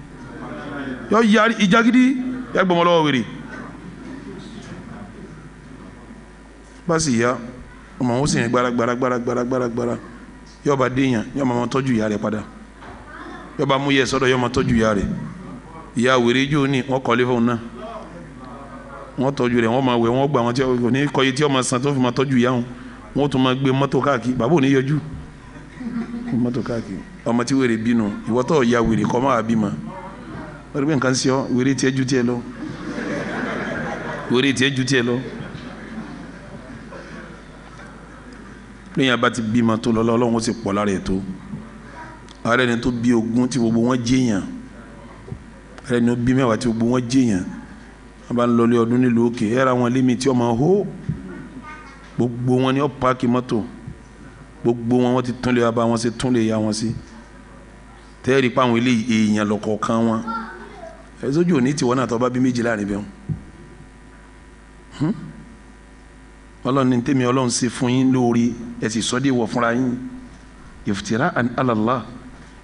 yọ yari ìjà gidi yà gbọmọ lọ́wọ́ wèrè bá sì yá ọmọ wọn sì ní gbára gbára gbára gbára gbára gbára yọ bá déyàn yọ máa tọ́jú ìyá rẹ̀ padà yọ bá mú yẹ sọ́dọ̀ yọ máa tọ́jú ìyá rẹ̀ ìyá wèrè jò ní wọ́n kọ́lé fóun náà wọ́n tọ́jú rẹ̀ wọ́n máa wẹ̀ wọ́n gbà wọ́n tí wọ́n ní kọ́yé tí wọ́n máa san tó fi máa tọ́jú ìyá wọn wọ́n tún máa gbé mọ́tò káàkiri bàbá ò yọjú mọ́tò káàkiri ọmọ tí wèrè bínú ìwọ́tọ̀ ìyá wèrè kọ́ máa bímọ wọ́n rí pé nǹkan sí ọ wèrè tiẹ̀ ju tiẹ̀ lọ wèrè tiẹ̀ ju tiẹ̀ lọ. lóyìn abá ti bímọ tó lọ́lọ́ ọlọ́run ó sì pọ̀ lára ètò ààrẹ ni tó bí ogún tí gbogbo wọn jèèyàn ààrẹ ni ó bí mẹ́wàá tí gbogbo wọn jèèyàn wọn bá ń lọlé ọdún nílùú òkè ẹ ra wọn lémi tí ọmọ hó gbogbo wọn ni ó paaki mọ́tò gbogbo wọn wọn ti túnlé abá wọn ṣe túnlé ya wọn sí tẹ́ẹ̀rí pa àwọn eléyìí èèyàn wọn ẹ̀sọ́jú òní tiwọn náà tó bá bí méjì láàrin bẹ́ẹ̀ hmm? ọlọ́run ní tèmi ọlọ́run ṣe fún yín lórí ẹ sì sọ́ dé wọ̀ fúnra yín ìfìtìrá alàlá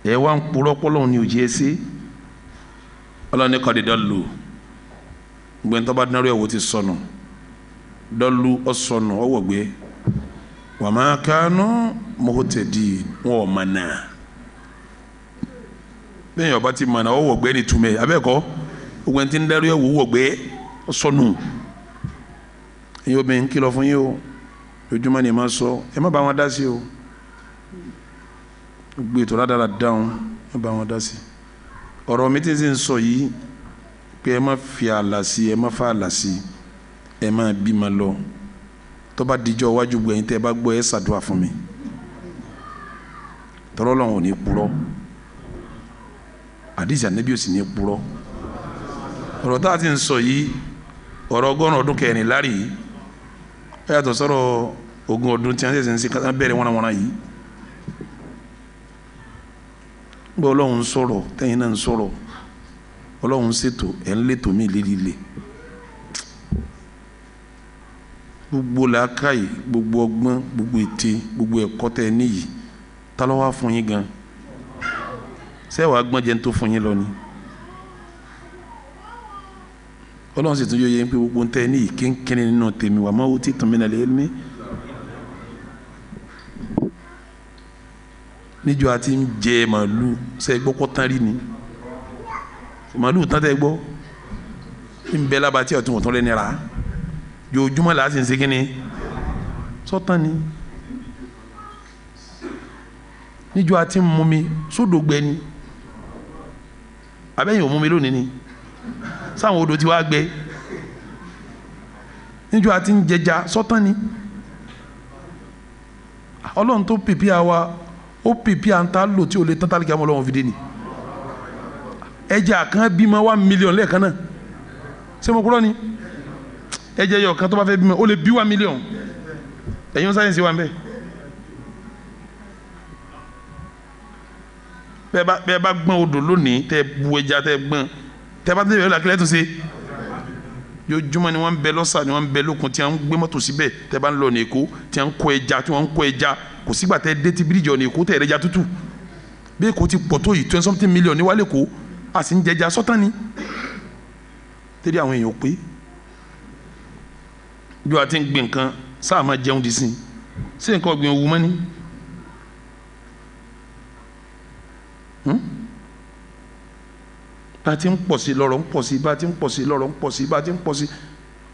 ẹ wá ń purọ́ pọ́lọ́run ní òjì ẹ ṣe ní kọ́ni dọ́lù gbẹ̀ntọ́ bá dínáró ẹ̀wò ti sọnù dọ́lù ọ̀sọnù ọ̀wọ̀gbẹ́ wàmákanú mọ́tẹ́dì wọn ò náà bẹ́ẹ̀ yọba ti mọ̀nà ọwọ́ gbé ni túmẹ̀ abẹ́ẹ̀kọ́ ogun ẹni tí ń dárú ẹ̀wò wọ̀ gbé sọnù ẹ̀yin obìnrin kìlọ̀ fún yín o lójúmọ́ ni ẹ máa sọ ẹ má bá wọn dá sí o gbé ètò ládàra dáhùn ẹ má bá wọn dá sí ọ̀rọ̀ mi tí ń sọ yìí pé ẹ má fi àlà sí ẹ má fa àlà sí ẹ má bímọ lọ tó bá dijọ́ iwájú gbẹ̀yìn tẹ́ ẹ bá gbọ́ ẹ ṣàdúrà fún mi tọ́lọ́lọ́hún ò ní purọ́ àdìsí ànábì ò sì ní purọ́ ọ̀rọ̀ tá a ti ń sọ yìí ọ̀rọ̀ ọgọ́rùn ọdún kẹrin lárí yìí ó yàtọ̀ sọ̀rọ̀ ogún ọdún tí wọ́n ṣẹ̀ṣẹ̀ ń ṣe kátà bẹ̀rẹ̀ wọ́n wọ́n yìí gbọ́ ọlọ́run sọ̀rọ̀ tẹ́yìn náà ń sọ̀rọ̀ ọlọ́run ṣètò ẹ̀ ń lẹ́tọ̀ mí lílile gbogbo làákàyè gbogbo ọgbọ́n gbogbo ète gbogbo ẹ̀kọ́ tẹ́ ẹ níyì tá ló wá fún yín gan-an sẹ́wàá gbọ́njẹ tó fún yín lọ ni ọlọ́run sì tún yóò yẹ pé gbogbo ń tẹ́ ní ìkéńkéń nínú tèmi wà máa wò tí tún mí nà níjọ àti ń jẹ màálù sẹ gbọ́ kọ́ rí ni màálù tán tẹ gbọ́ ń bẹ lába tí ọtún ọtún lẹ́ni ra jòjúmọ́ là ń segin ni sọ́tàn ni níjọ àti ń mú mi sódò ni. So abẹ́yìn ò mú mi lónìí ni sáwọn odò tí wàá gbẹ níjọ́ àti ń jẹja sọ́tàn ni ọlọ́run tó pèpè àwa ó pèpè à ń ta lò tí ò lè tán tálíkà mọ́ ọlọ́run fìdí ni ẹja kan bímọ one million lẹ́ẹ̀kan náà ṣé mo kúrọ́ ni ẹja yọ̀ kan tó bá fẹ́ bímọ ó lè bí one million ẹ̀yin sáyẹ́nsì wa ń bẹ́ẹ̀. bẹ́ẹ̀ bá bẹ́ẹ̀ bá gbọ́n odò lónìí tẹ́ bu ẹja tẹ́ gbọ́n tẹ́ bá tẹ́lẹ̀ lọ́la kílẹ̀ tún ṣe jojúmọ́ ni wọ́n ń bẹ lọ́sà ni wọ́n ń bẹ lókun tí wọ́n ń gbé mọ́tò síbẹ̀ tẹ́ bá ń lọ ní Èkó tí wọ́n ń kó ẹja tí wọ́n ń kó ẹja kò sígbà tẹ́ dé ti bíríjọ ní Èkó tẹ́ ẹ̀rẹ́ ẹja tútù bí Èkó ti pọ̀ tó yìí twenty something million ní wálé kó a sì ń jẹja sọ́tàn ni tẹ́lẹ̀ àwọn èèyàn pé bí wàá ti sáà máa jẹun dì sí i sí nǹkan ọ̀gbìn òwú mọ́ ni Hmm? bá ti ń pọ̀ sí lọ́rọ̀ ń pọ̀ sí bá ti ń pọ̀ sí lọ́rọ̀ ń pọ̀ sí bá ti ń pọ̀ sí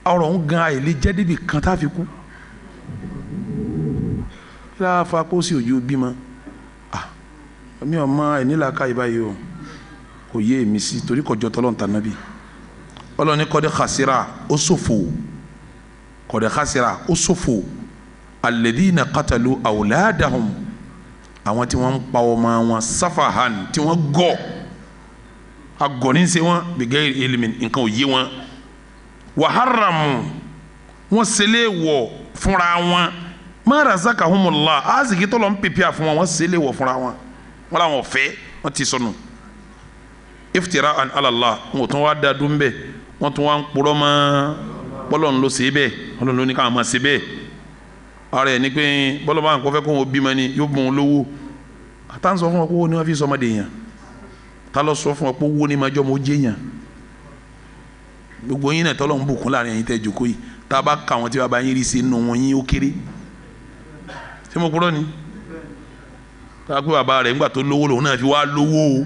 ọ̀rọ̀ ń gan àìlè jẹ́ débi kan tá a fi kú láàfa kó sì òye bímọ mi ò mọ àìnílàáká ìbáyìí o kò yé èmi sí torí kọjọ tọ́lọ́n tà nábì ọlọ́ni kọ́dé xasira ó ṣòfò kọ́dé xasira ó ṣòfò alladhina qatalu awladahum àwọn tí wọ́n ń pa ọmọ wọn sáfàhàn tí wọ́n gọ̀ agọ̀níṣe wọn bìgẹ́ elimin nǹkan ò yé wọn wàháràmù wọ́n sẹlẹ̀ wọ̀ fúnra wọn márasaka humula azigi tọ́lọ̀ ń pèpè àfún wọn wọ́n sẹlẹ̀ wọ̀ fúnra wọn wọn làwọn ọ̀fẹ́ wọn ti sọnù iftira an alala wọn tún wá da dùn bẹ́ẹ̀ wọn tún wá ń kpọ́rọ́ mọ́ pọ́lọ́n ló ṣe bẹ́ẹ̀ pọ́lọ́n ló ní káwọn máa ṣe bẹ́ẹ̀ ara ẹ̀ ni pé bọ́lọ́mọ àwọn kọfẹ́ kó wọn bímọ ni yóò bọ̀ wọn lówó àtà ń sọ fún wọn pé owó ni wọn fi sọmọdé yàn tá lọ sọ fún wọn pé owó ni máa jọ mọ jẹ yàn gbogbo yín náà tọ́lọ́ ń bùkún láàrin ẹ̀yin tẹ́ jòkó yìí tá a bá ka àwọn tí wàá bá yín rí sí inú wọn yín ó kéré ṣé mo kúrò ni tá a pé bàbá rẹ̀ ńgbà tó lówó lòun náà fi wá lówó o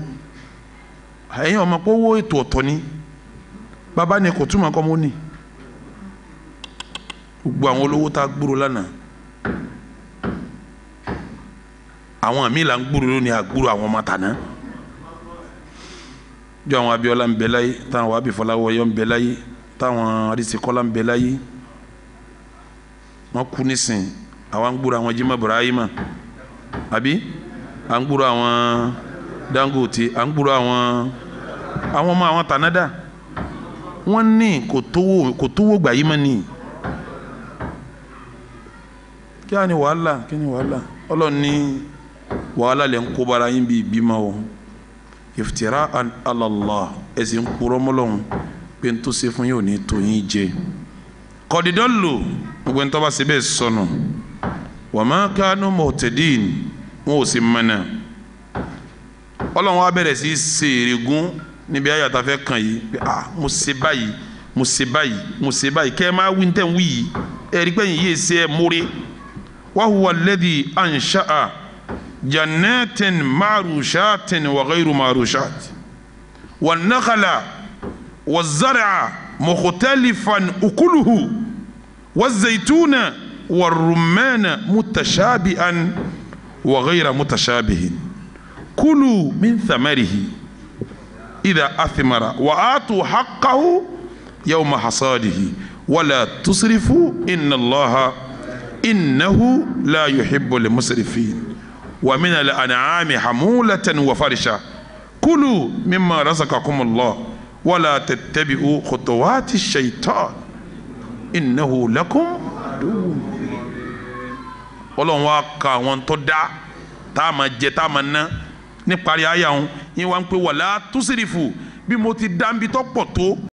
ẹ̀yin ọmọ pé owó ètò ọ̀tọ̀ ni bàbá ni kò túmọ̀ kọ́ mọ́ ni gbogbo àwọn olówó tá a gbúrò lánàá àwọn míì là ń gbúrò lónìí àgbúrò àwọn ọmọ tàná jọ àwọn Abíọ́lá ń bẹ láyé táwọn Abífọlá wọyọ ń bẹ láyé táwọn Arísíkọ́lá ń bẹ láyé wọn kú nísìn àwọn ń gbúrò àwọn Jimá Ibrahima àbí à ń gbúrò àwọn Dangote à àwọn àwọn ọmọ àwọn tànádà wọn ní kò tówó gbà yí mọ́ nìyí kí á ní wàhálà kí ní wàhálà ọlọ́run ní wàhálà lè ń kó bara yín bí ìbímọ o ìfìtìrá ala Allah ẹ̀sìn kúrọ́ mọ́lọ́run pé n tó ṣe fún yín ò ní tó yín jẹ kọ́dídọ́ lò gbogbo ń tọ́ba síbẹ̀ sọnù wa ma kanu muhtadin wọn ò sì mọ̀nà ọlọ́run wa bẹ̀rẹ̀ sí í ṣe èrègún níbi ayé àtàfẹ́ kan yìí pé ah mo ṣe báyìí mo ṣe báyìí mo ṣe báyìí kẹ́ ẹ máa wí ní tẹ̀ ń wí yìí ẹ̀rí pẹ́yìn yìí ṣe é múre وهو الذي أنشأ جنات معروشات وغير معروشات والنخل والزرع مختلفا أكله والزيتون والرمان متشابها وغير متشابه كلوا من ثمره إذا أثمر وآتوا حقه يوم حصاده ولا تصرفوا إن الله innahu la yuhibbu li musrifin wa min al an'ami hamulatan wa farisha kulu mimma razaqakum allah wala tattabi'u khutuwati shaitan innahu lakum Ọlọ́run wa ka àwọn tó dá tá a máa jẹ tá a máa ná níparí àyà wọn yín wá ń pè wàlá túsírìfù bí mo ti dá ń bi tó pọ̀ tó.